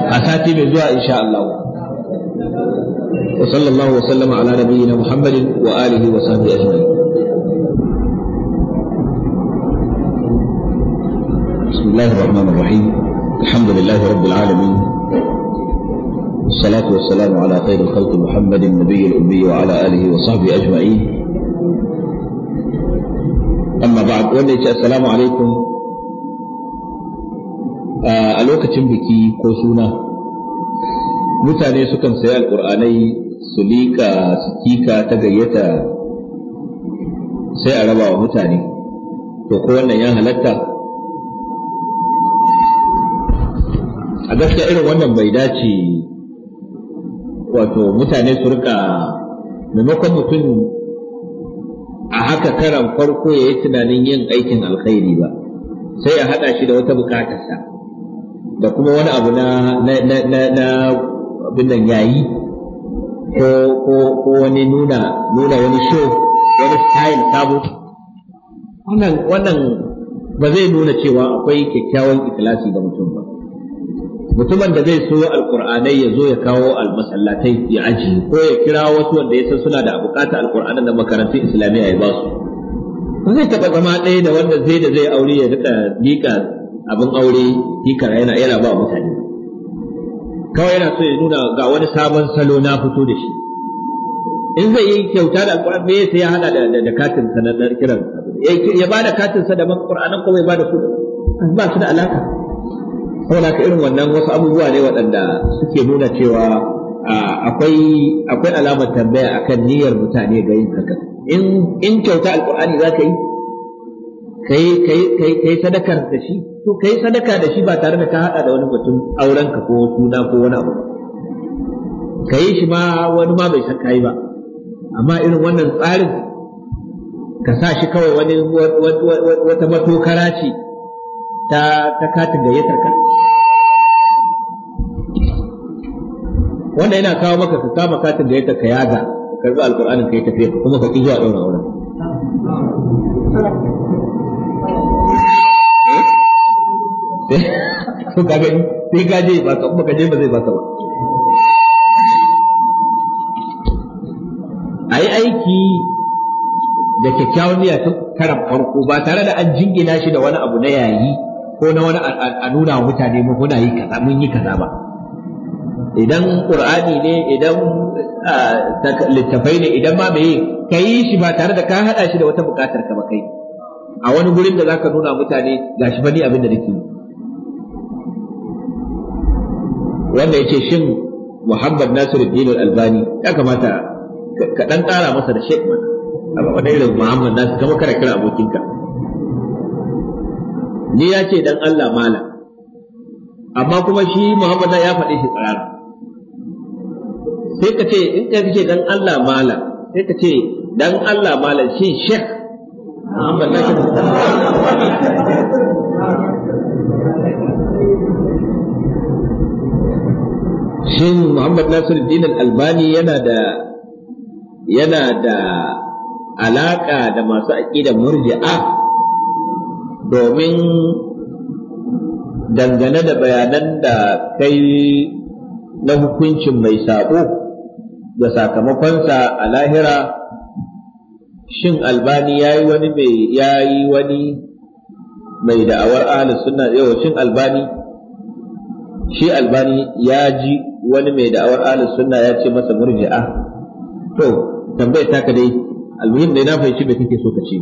a sati mai zuwa insha Allah sallama ala وسلم Muhammadin wa alihi wa sahbihi ajma'in بسم الله الرحمن الرحيم الحمد لله رب العالمين والصلاة والسلام على خير الخلق محمد النبي الأمي وعلى آله وصحبه أجمعين أما بعد وليت السلام عليكم a lokacin biki ko suna mutane sukan sayi alƙur'anai su liƙa su kika ta gayyata sai a raba wa mutane to ko wannan ya halatta a gaskiya irin wannan bai dace wato mutane su rika maimakon mutum a haka karan farko ya yi tunanin yin aikin alkhairi ba sai a haɗa shi da wata bukatarsa da kuma wani abu na abin yayi ko wani nuna wani show wani style sabo wannan ba zai nuna cewa akwai kyakkyawan ikilasi ga mutum ba mutumin da zai so alqur'anai ya zo ya kawo almasallatai ya aji ko ya kira wasu wanda ya san suna da bukata alqur'anan da makarantun islamiyya ya ba su ba zai taba zama ɗaya da wanda zai da zai aure ya rika mika abin aure hikar yana yana ba mutane kawai yana so ya nuna ga wani sabon salo na fito da shi in zai yi kyauta da alqur'an me sai ya hada da da katin sanadar kiran ya ba da katin sa da alqur'anan ko bai ba da su ba su da alaka saboda ka irin wannan wasu abubuwa ne waɗanda suke nuna cewa akwai akwai alamar tambaya akan niyyar mutane ga yin haka in in kyauta alqur'ani za ka yi kai kai kai kai sadakar da shi to kai sadaka da shi ba tare da ka hada da wani mutum auren ka ko suna ko wani abu kai shi ma wani ma bai san kai ba amma irin wannan tsarin ka sa shi kawai wani wata matokara ce ta ta katin gayyatar ka wanda yana kawo maka ka kama katin gayyata ka yaga ka karbi alqur'anin kai tafiya kuma ka yi zuwa daura auren ko eh? [LAUGHS] ka gani sai ka je ba ka baka je ba zai baka ba ai aiki da kyakkyawan niyya ta karan farko ba tare da an jingina shi da wani abu na yayi ko na wani a nuna wa mutane mun yi kaza mun yi kaza ba idan qur'ani ne idan littafai ne idan ma meye ka yi shi ba tare da ka haɗa shi da wata buƙatar ka ba kai a wani gurin da zaka nuna mutane gashi fa ni abin da nake wanda yace shin Muhammad Nasiruddin Al-Albani ya kamata ka dan tsara masa da shek mana amma wani irin Muhammad Nasir kama kare kira abokinka ni ya ce dan Allah mala amma kuma shi Muhammad ya faɗi shi tsara sai ka ce in ka ce dan Allah malam sai ka ce dan Allah malam shi shek Shin Muhammad Nasir Dinan Albani yana da yana da alaƙa da masu aƙidar murji'a domin dangane da bayanan da kai na hukuncin mai saɓo da sakamakonsa a lahira shin albani ya yi wani mai ya wani mai da'awar ahalus sunna yau shin albani shi albani ya ji wani mai da'awar ahalus sunna ya ce masa murji'a to tambayar taka dai almuhim dai na fahimci me kake so ka ce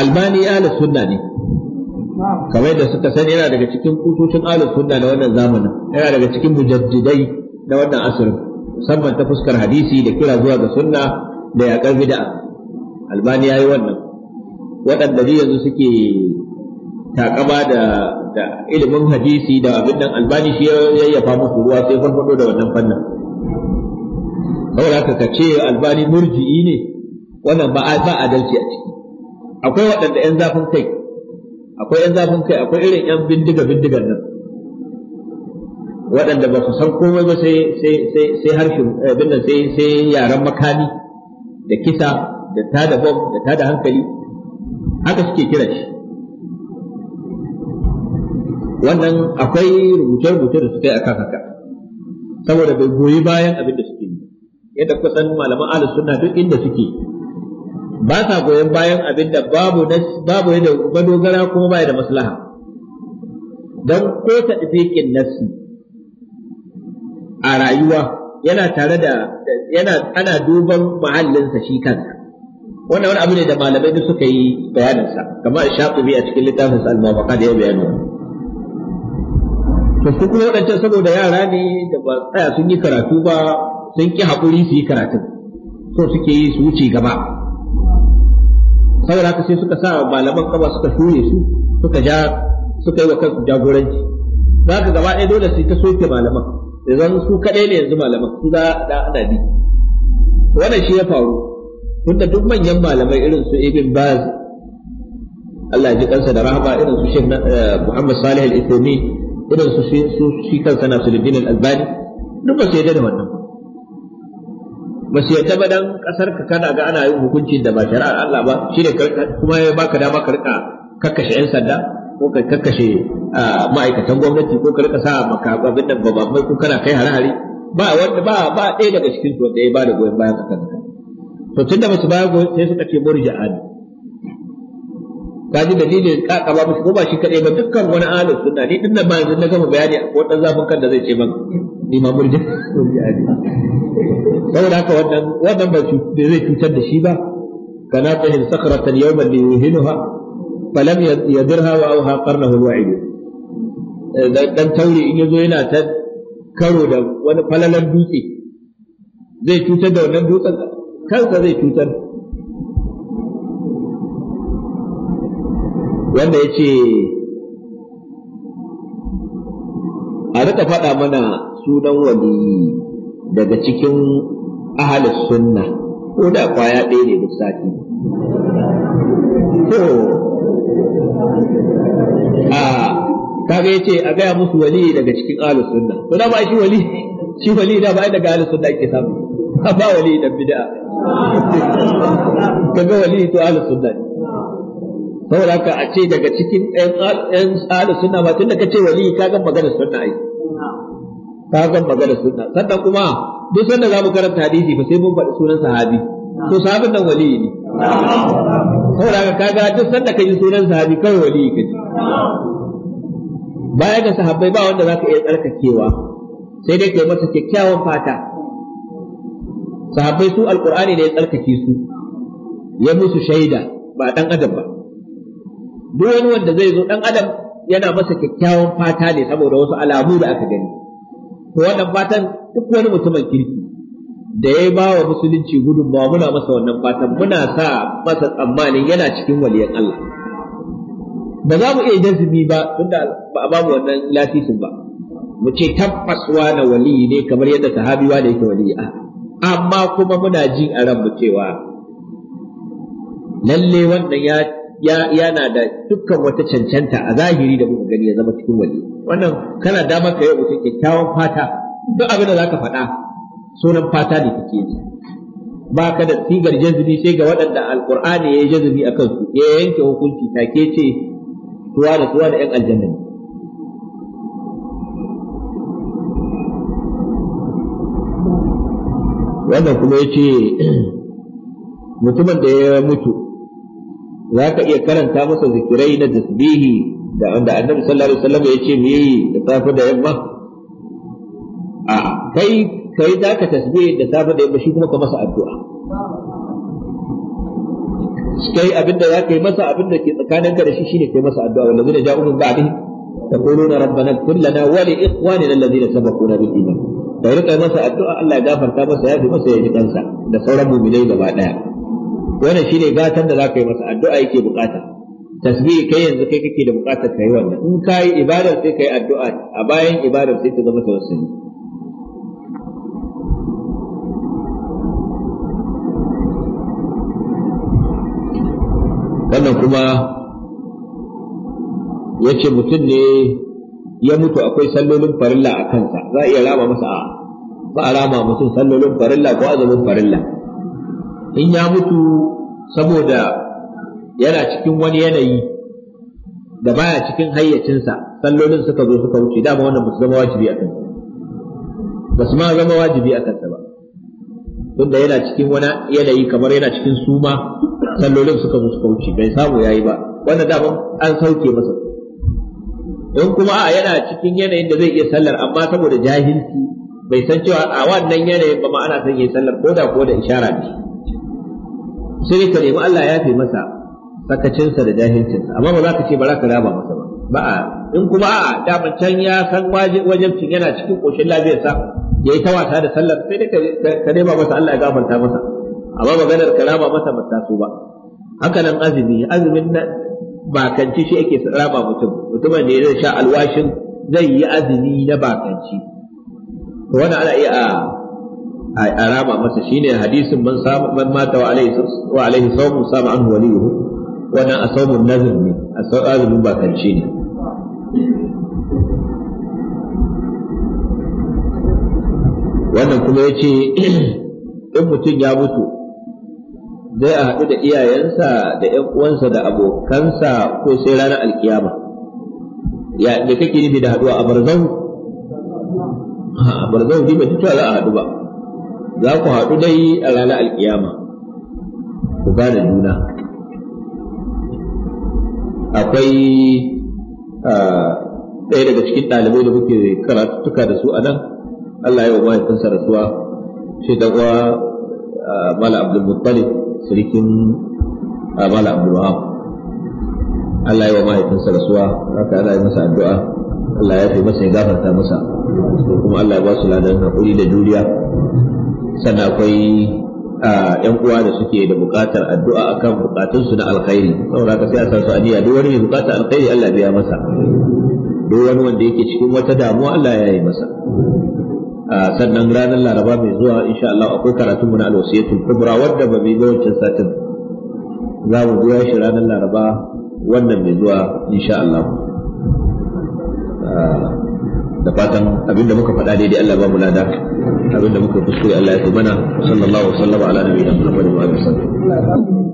albani ahalus sunna ne kamar da suka sani yana daga cikin kutocin alif sunna na wannan zamanin yana daga cikin mujaddidai na wannan asirin musamman ta fuskar hadisi da kira zuwa ga sunna da yaƙar bid'a albani yayi wannan waɗanda yanzu suke takama da da ilimin hadisi da abin nan albani shi yayyafa musu ruwa sai farfado da wannan fannin saboda haka ka ce albani murji'i ne wannan ba a adalci a ciki akwai waɗanda 'yan zafin kai akwai yan zafin kai akwai irin yan bindiga bindigan nan waɗanda ba su san komai ba sai sai sai sai harshen eh, abin nan sai sai yaran makami da kisa da tada bomb da tada hankali haka suke kira shi wannan akwai rubuce-rubuce da suka yi akan haka saboda bai goyi bayan abin da suke yi yadda kusan malaman ahlus sunna duk inda suke ba sa goyon bayan abin da babu babu da madogara kuma ba da maslaha don ko ta nafsi a rayuwa yana tare da yana ana duban mahallinsa shi kansa wannan wani abu ne da malamai da suka yi bayaninsa kamar shafi a cikin littafin salma ba da ya bayani to su kuma waɗancan saboda yara ne da ba tsaya sun yi karatu ba sun ki haƙuri su yi karatun so suke yi su wuce gaba saboda haka sai suka sa malaman kaba suka shuye su suka ja suka yi wa kansu jagoranci za ka gaba ɗaya dole su ta soke malaman idan su kaɗai ne yanzu malaman su za a ana bi wannan shi ya faru tunda duk manyan malamai irin su ibn baz Allah ji kansa da rahama irin su Sheikh eh, Muhammad Salih Al-Uthaymeen irin su shi kansa Sulaiman Al-Albani duk ba su yarda da wannan ba su yadda dan kasar ka kana ga ana yin hukunci da ba shari'ar Allah ba shine kuma ya baka dama ka rika kakkashe yan sanda ko ka kakkashe ma'aikatan gwamnati ko ka rika sa maka abin da ba mai ko kana kai hare-hare ba wanda ba ba ɗaya daga cikin su wanda ya ba da goyon bayan ka kanka to tunda ba su bayar goyon sai suka ce murja'a ne kaji dalilin ba musu ko ba shi kadai ba dukkan wani ahlus sunna ni din ba yanzu na gama bayani ko dan zafin kan da zai ce maka ni ma murja saboda haka wannan wannan ba zai cutar da shi ba kana ta tahin sakratan yawman li yuhinuha falam yadirha wa auha qarnahu alwa'id eh, dan tauri in yazo yana ta karo da wani falalan dutse zai cutar da wannan dutsen kansa zai cutar wanda ya ce a rika faɗa mana sunan wani daga cikin ahalus sunna ko da kwaya ɗaya ne duk sati to a kaga yace a gaya musu wali daga cikin ahalus sunna to da ba shi wali shi wali da ba daga ahalus sunna ake samu ba wali da bid'a kaga wali to ahalus sunna ne saboda haka a ce daga cikin ɗan ahalus sunna ba ka kace wali kaga maganar sunna ai ka zan magana suna, sannan kuma duk sanda za mu karanta hadisi ba sai mun faɗi sunan sahabi to sahabin nan wali ne saboda ka kaga duk sanda ka yi sunan sahabi kawai wali ka ji baya ga sahabbai ba wanda zaka iya tsarkakewa sai dai kai masa kyakkyawan fata sahabbai su alqur'ani ne ya tsarkake su ya musu shaida ba dan adam ba duk wani wanda zai zo dan adam yana masa kyakkyawan fata ne saboda wasu alamu da aka gani wannan fatan duk wani mutumin kirki da ya ba wa musulunci gudunmawa muna masa wannan fatan muna sa masa tsammanin yana cikin waliyan Allah ba za mu iya jazumi ba tunda ba a ba mu wannan lasisin ba mu ce tabbas na wali ne kamar yadda sahabiwa da yake wali amma kuma muna jin a ran mu cewa lalle wannan ya ya yana da dukkan wata cancanta a zahiri da muka gani ya zama cikin wali wannan kana damar ka yi mutum kyakkyawan fata duk abin da zaka faɗa sunan fata ne kake yi ba ka da sigar jazibi sai ga waɗanda alqur'ani ya yi jazumi a kansu ya yanke hukunci take ce tuwa da tuwa da yan aljanna ne wannan kuma ya ce [CLEARS THROAT] mutumin da ya mutu za ka iya karanta masa zikirai na tasbihi da wanda annabi sallallahu alaihi wasallam ya ce me yi da safe da yamma a kai kai za ka tasbihi da safe da yamma shi kuma ka masa addu'a kai abinda za ka yi masa abinda ke tsakaninka da shi shine kai masa addu'a wanda zai ja umun ba'dih يقولون ربنا اغفر لنا ولاخواننا الذين سبقونا بالايمان da rika masa addu'a Allah ya gafarta masa ya fi masa ya ji kansa da sauran mu'minai gaba daya wannan shine gatan da zaka yi masa addu'a yake bukata tasbih kai yanzu kai kake da bukatar kai wannan in kai ibadar sai kai addu'a a bayan ibadar sai ka zama tawassuli wannan kuma ya ce mutum ne ya mutu akwai sallolin farilla a kansa za a iya rama masa a ba a rama mutum sallolin farilla ko azumin farilla in ya mutu saboda yana cikin wani yanayi da baya cikin hayyacinsa sallolin suka zo suka wuce dama wannan ba su zama wajibi a kansa ba su ma zama wajibi a kansa ba tunda yana cikin wani yanayi kamar yana cikin suma sallolin suka zo suka wuce bai samu yayi ba wannan dama an sauke masa in kuma a yana cikin yanayin da zai iya sallar amma saboda jahilci bai san cewa a wannan yanayin ba ma ana son yayi sallar ko da ko da ishara ne sai ka nemi Allah ya fi masa sakacinsa da jahilcinsa amma ba za ka ce ba za ka raba masa ba ba a in kuma a daman can ya san wajibcin yana cikin koshin sa, ya yi ta da sallar sai dai ka nema masa Allah ya gafarta masa amma maganar ka raba masa ba taso ba haka nan azumi azumin na bakanci shi ake raba mutum mutumin ne ya sha alwashin zai yi azumi na bakanci to wannan ana iya a rama masa shine hadisin man sa ban mata wa alaihi wa alaihi sawmu sama an waliyuhu wannan asawmun nazr ne asawmun ba kanci ne wannan kuma yace [CLEARS THROAT] in mutum ya mutu zai a haɗu da iyayensa da ƴan uwansa da abokansa ko sai ranar alkiyama ya da kake nufi da haɗuwa a barzahu a barzahu ne bai cewa za a haɗu ba za ku haɗu dai a ranar alkiyama ku gane juna akwai ɗaya daga cikin ɗalibai da kuke karatuka da su a nan Allah ya wa mahaifinsa rasuwa shi da uwa Mala Abdul Muttalib sirikin Mala Abdul Wahab Allah ya wa mahaifinsa rasuwa haka ana yi masa addu'a Allah ya fi masa ya gafarta masa kuma Allah ya ba su ladan haƙuri da juriya sannan akwai yan uwa da suke da buƙatar addu'a akan bukatun su na alkhairi saboda ka sai a sa su aniya duk wani mai buƙatar alkhairi Allah biya masa duk wani wanda yake cikin wata damuwa Allah ya yi masa sannan ranar laraba mai zuwa insha Allah akwai karatunmu na alwasiyatul kubra wanda ba mai cin satin za mu biya shi ranar laraba wannan mai zuwa insha Allah da fatan abinda muka faɗa daidai Allah ba mu lada abinda muka fuskuri Allah ya tsamana sallallahu alaihi wa sallama da nabiyina wa